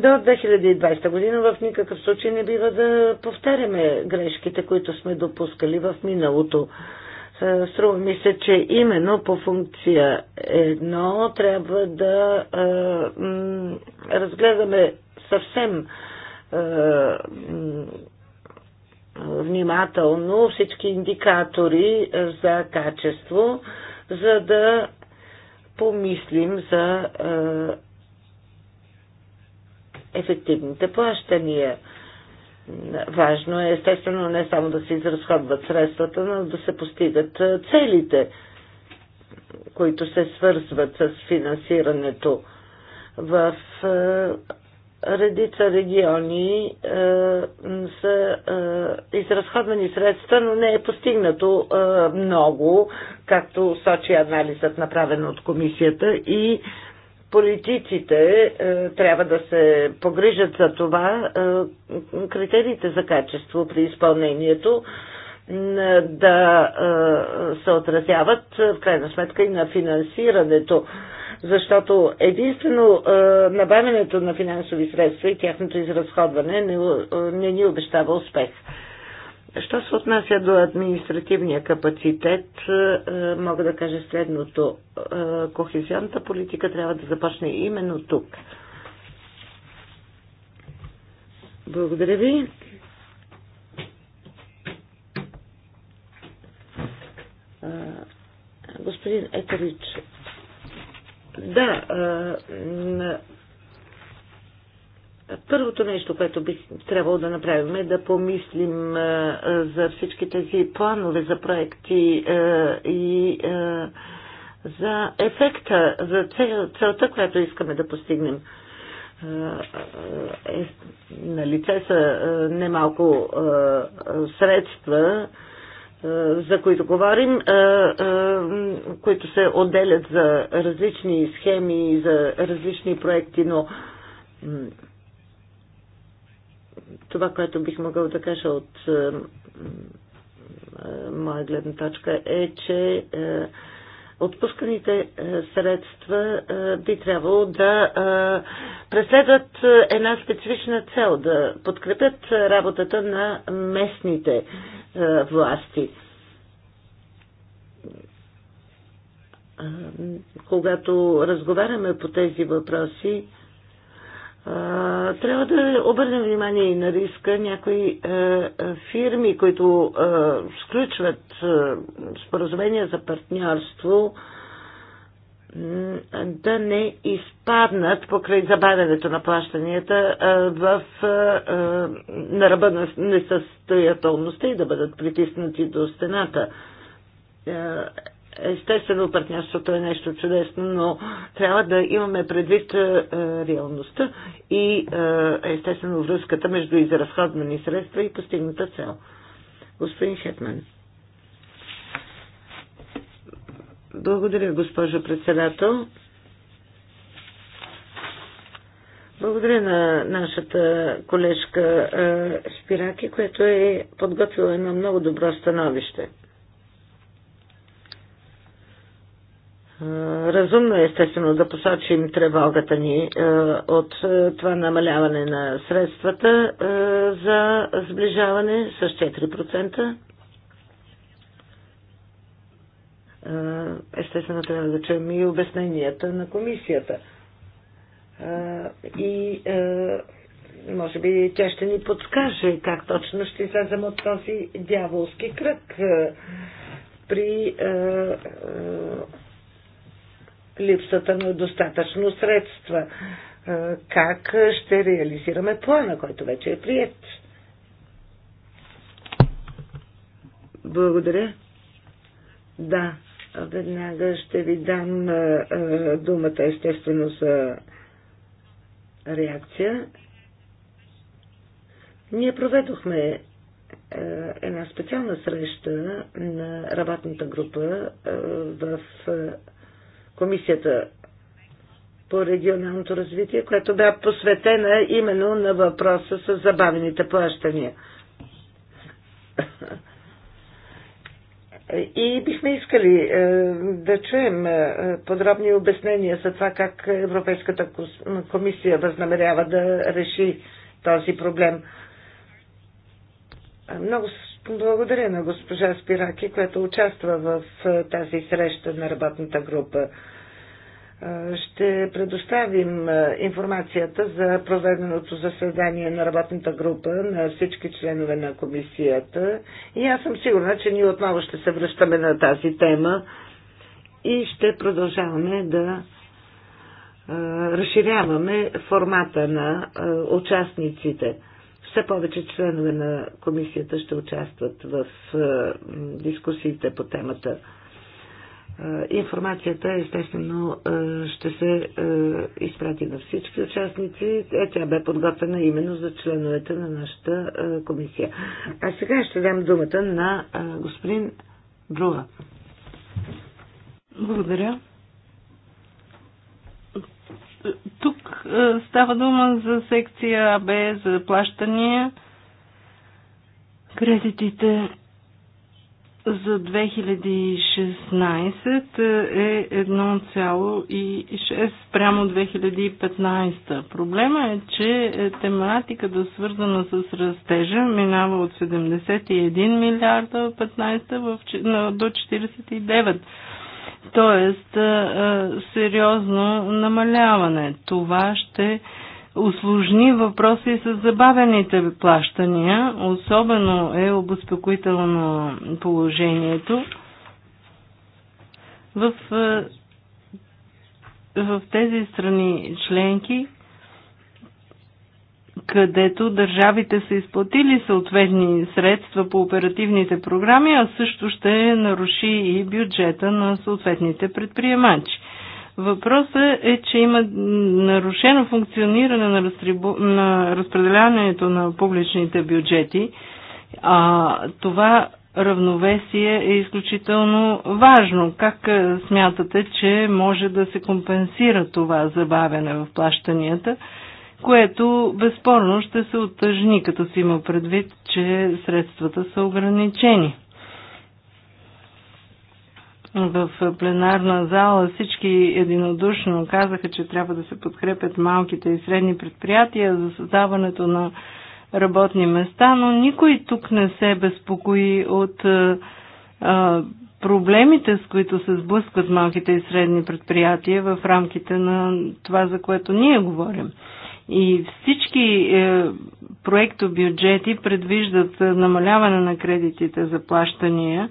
До 2020 година в никакъв случай не бива да повтаряме грешките, които сме допускали в миналото. Струва ми се, че именно по функция едно трябва да разгледаме съвсем внимателно всички индикатори за качество, за да помислим за е, ефективните плащания. Важно е, естествено, не само да се изразходват средствата, но да се постигат е, целите, които се свързват с финансирането. В е, редица региони е, са е, изразходвани средства, но не е постигнато е, много, както сочи анализът направен от комисията и политиците е, трябва да се погрижат за това е, критериите за качество при изпълнението е, да е, се отразяват в крайна сметка и на финансирането защото единствено е, набавянето на финансови средства и тяхното изразходване не, е, не ни обещава успех. Що се отнася до административния капацитет, е, мога да кажа следното. Е, кохезионната политика трябва да започне именно тук. Благодаря ви. Господин Етерич, да, Първото нещо, което би трябвало да направим е да помислим за всички тези планове, за проекти и за ефекта, за целта, която искаме да постигнем. Е, на лице са немалко средства, за които говорим, които се отделят за различни схеми за различни проекти, но това, което бих могъл да кажа от моя гледна точка е, че отпусканите средства би трябвало да преследват една специфична цел, да подкрепят работата на местните власти. Когато разговаряме по тези въпроси, трябва да обърнем внимание и на риска. Някои фирми, които сключват споразумения за партньорство, да не изпаднат покрай забавянето на плащанията в, на ръба на несъстоятелността и да бъдат притиснати до стената. Естествено, партньорството е нещо чудесно, но трябва да имаме предвид реалността и естествено връзката между изразходвани средства и постигната цел. Господин Хетман. Благодаря, госпожо председател. Благодаря на нашата колежка Спираки, която е подготвила едно много добро становище. Разумно е, естествено, да посочим тревогата ни от това намаляване на средствата за сближаване с 4%. Е, естествено трябва да чуем и обясненията на комисията. Е, и е, може би тя ще ни подскаже как точно ще излезем от този дяволски кръг при липсата на достатъчно средства. Как ще реализираме плана, който вече е прият? Благодаря. Да, Веднага ще ви дам думата естествено за реакция. Ние проведохме една специална среща на работната група в Комисията по регионалното развитие, която бе посветена именно на въпроса с забавените плащания – И бихме искали е, да чуем е, подробни обяснения за това как Европейската комисия възнамерява да реши този проблем. Много благодаря на госпожа Спираки, която участва в е, тази среща на работната група. Е, ще предоставим е, информацията за проведеното заседание на работната група на всички членове на комисията и аз съм сигурна, че ние отново ще се връщаме на тази тема и ще продължаваме да е, разширяваме формата на участниците. Все повече членове на комисията ще участват в дискусиите по темата. Е, информацията естествено е, ще се е, изпрати на всички участници. Тя бе подготвена именно за членовете на нашата комисия. А сега ще дам думата на господин Друга. Благодаря. Тук става дума за секция АБ, за плащания, кредитите за 2016 е 1,6 прямо 2015. Проблема е, че е, тематиката свързана с растежа минава от 71 милиарда 15 в, до 49. Тоест, е, е, сериозно намаляване. Това ще усложни въпроса и с забавените плащания. Особено е обезпокоително положението в, е, в тези страни членки, където държавите са изплатили съответни средства по оперативните програми, а също ще наруши и бюджета на съответните предприемачи. Въпросът е, че има нарушено функциониране на, разтрибу... на разпределяването на публичните бюджети. А, това равновесие е изключително важно. Как е, смятате, че може да се компенсира това забавяне в плащанията, което безспорно ще се оттъжни, като си има предвид, че средствата са ограничени? в пленарна зала всички единодушно казаха, че трябва да се подкрепят малките и средни предприятия за създаването на работни места, но никой тук не се безпокои от а, проблемите, с които се сблъскват малките и средни предприятия в рамките на това, за което ние говорим. И всички е, проектобюджети предвиждат е, намаляване на кредитите за плащания,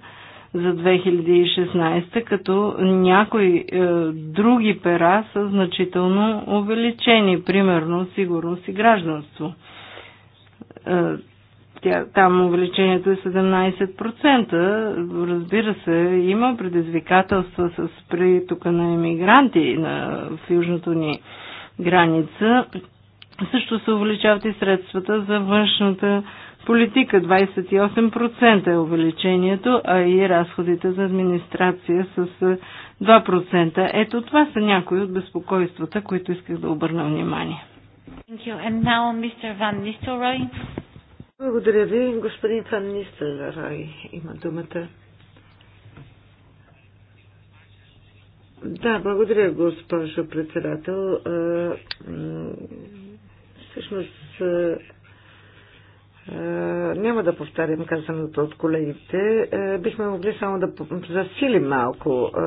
за 2016, като някои е, други пера са значително увеличени, примерно сигурност и гражданство. Е, тя, там увеличението е 17%. Разбира се, има предизвикателства с притока на емигранти на, в южното ни граница. Също се увеличават и средствата за външната политика 28% е увеличението, а и разходите за администрация с 2%. Ето това са някои от безпокойствата, които исках да обърна внимание. Now, Благодаря ви, господин Ван Нистелрой. Има думата. Да, благодаря, госпожо председател. Всъщност, е, няма да повтарям казаното от колегите. Е, бихме могли само да засилим малко е,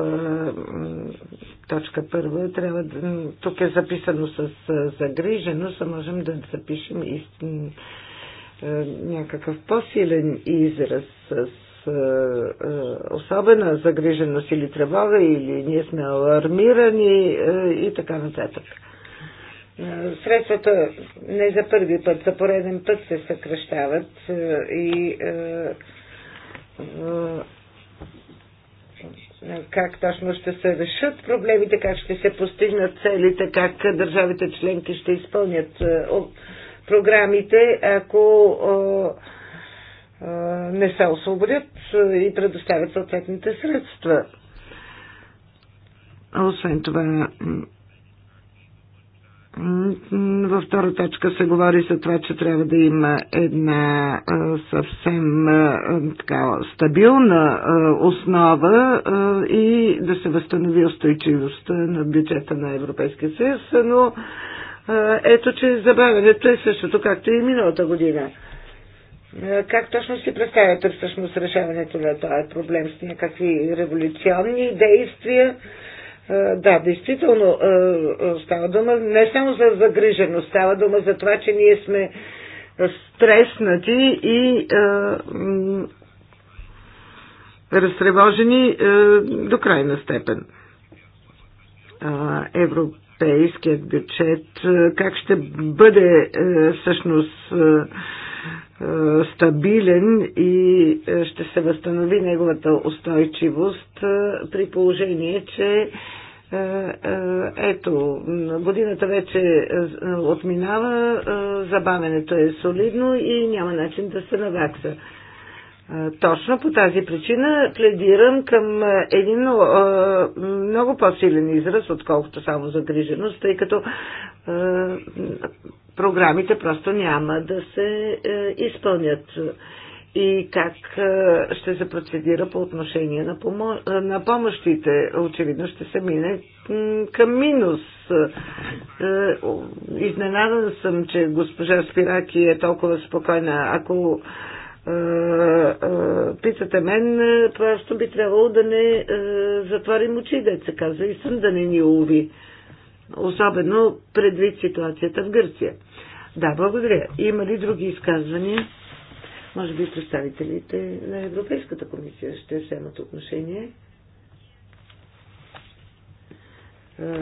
точка първа. Трябва да, тук е записано с загриженост, а можем да запишем истин, някакъв по-силен израз с особена загриженост или тревога, или ние сме алармирани и така нататък. Е, средствата не за първи път, за пореден път се съкръщават е, и е, как точно ще се решат проблемите, как ще се постигнат целите, как държавите членки ще изпълнят програмите, ако не се освободят и предоставят съответните средства. Освен това, във втора точка се говори за това, че трябва да има една съвсем така, стабилна основа и да се възстанови устойчивостта на бюджета на Европейския съюз, но ето, че забавянето е същото, както и миналата година. Как точно си представяте всъщност решаването на този проблем с някакви революционни действия? Да, действително става дума не само за загриженост, става дума за това, че ние сме стреснати и разтревожени до крайна степен. Европейският бюджет как ще бъде всъщност е, стабилен и е, ще се възстанови неговата устойчивост е, при положение, че ето, годината вече отминава, забавенето е солидно и няма начин да се навакса. Точно по тази причина пледирам към един много по-силен израз, отколкото само загриженост, тъй като програмите просто няма да се е, изпълнят и как е, ще се процедира по отношение на, помо... Е, на помощите. Очевидно ще се мине към минус. Изненадан съм, че госпожа Спираки е толкова спокойна. Ако питате мен, просто би трябвало да не затворим очи, да се казва, и съм да не ни уви. Особено предвид ситуацията в Гърция. Да, благодаря. Има ли други изказвания? Може би представителите на Европейската комисия ще вземат отношение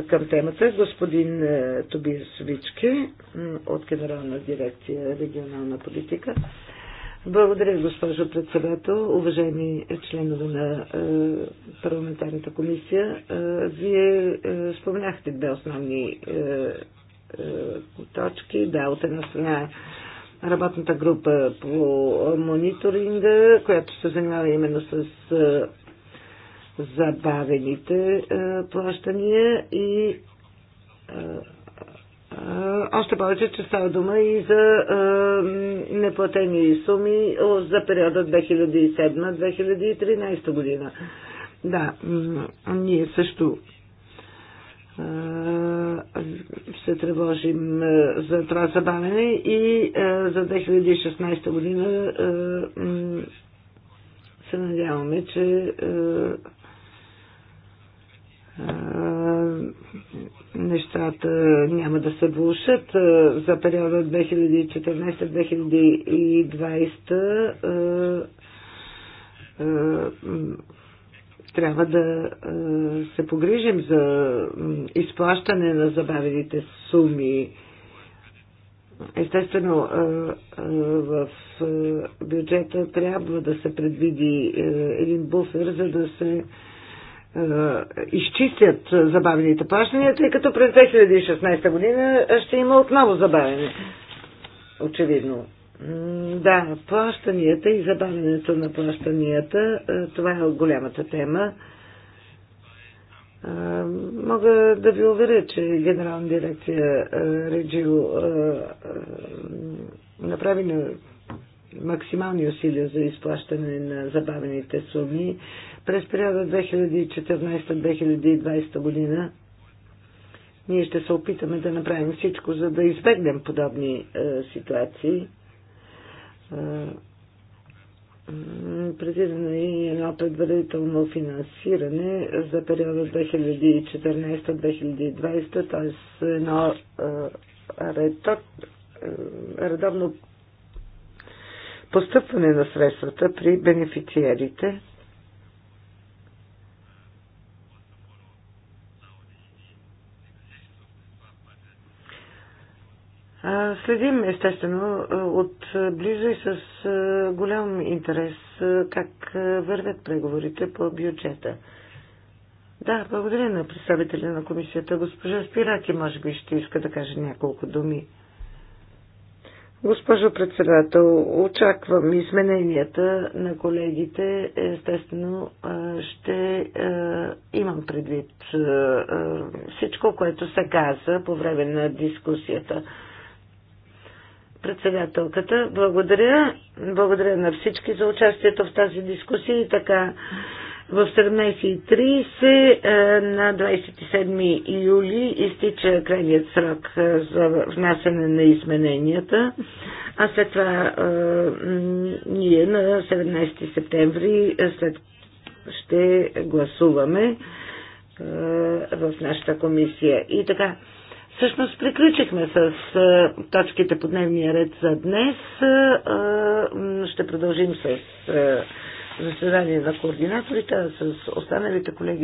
към темата. Господин Тобис Вички от Генерална дирекция регионална политика. Благодаря, госпожо председател, уважаеми членове на парламентарната комисия. вие спомняхте две основни точки. Да, от една страна работната група по мониторинга, която се занимава именно с забавените плащания и още повече, че става дума и за неплатени суми за периода 2007-2013 година. Да, ние също е, се тревожим е, за това забавене и е, за 2016 година се надяваме, че нещата няма да се влушат. За периода 2014-2020 трябва да се погрижим за изплащане на забавените суми. Естествено, в бюджета трябва да се предвиди един буфер, за да се изчистят забавените плащания, тъй като през 2016 година ще има отново забавене. Очевидно. Да, плащанията и забавянето на плащанията, е, това е голямата тема. Е, мога да ви уверя, че генерална дирекция е, Реджио направи максимални усилия за изплащане на забавените суми. През периода 2014-2020 година ние ще се опитаме да направим всичко, за да избегнем подобни е, ситуации. Е, е, предвидено и е едно предварително финансиране за периода 2014-2020, т.е. едно редовно постъпване на средствата при бенефициерите Следим естествено от близо и с голям интерес как вървят преговорите по бюджета. Да, благодаря на представителя на комисията. Госпожа Спираки, може би, ще иска да каже няколко думи. Госпожо председател, очаквам измененията на колегите. Естествено, ще имам предвид всичко, което се каза по време на дискусията. Председателката, благодаря. Благодаря на всички за участието в тази дискусия и така в 17.30 е, на 27 юли изтича крайният срок е, за внасяне на измененията, а след това е, ние на 17 септември след ще гласуваме в нашата комисия. И така, Всъщност приключихме с точките по дневния ред за днес. Ще продължим с заседание на координаторите, а с останалите колеги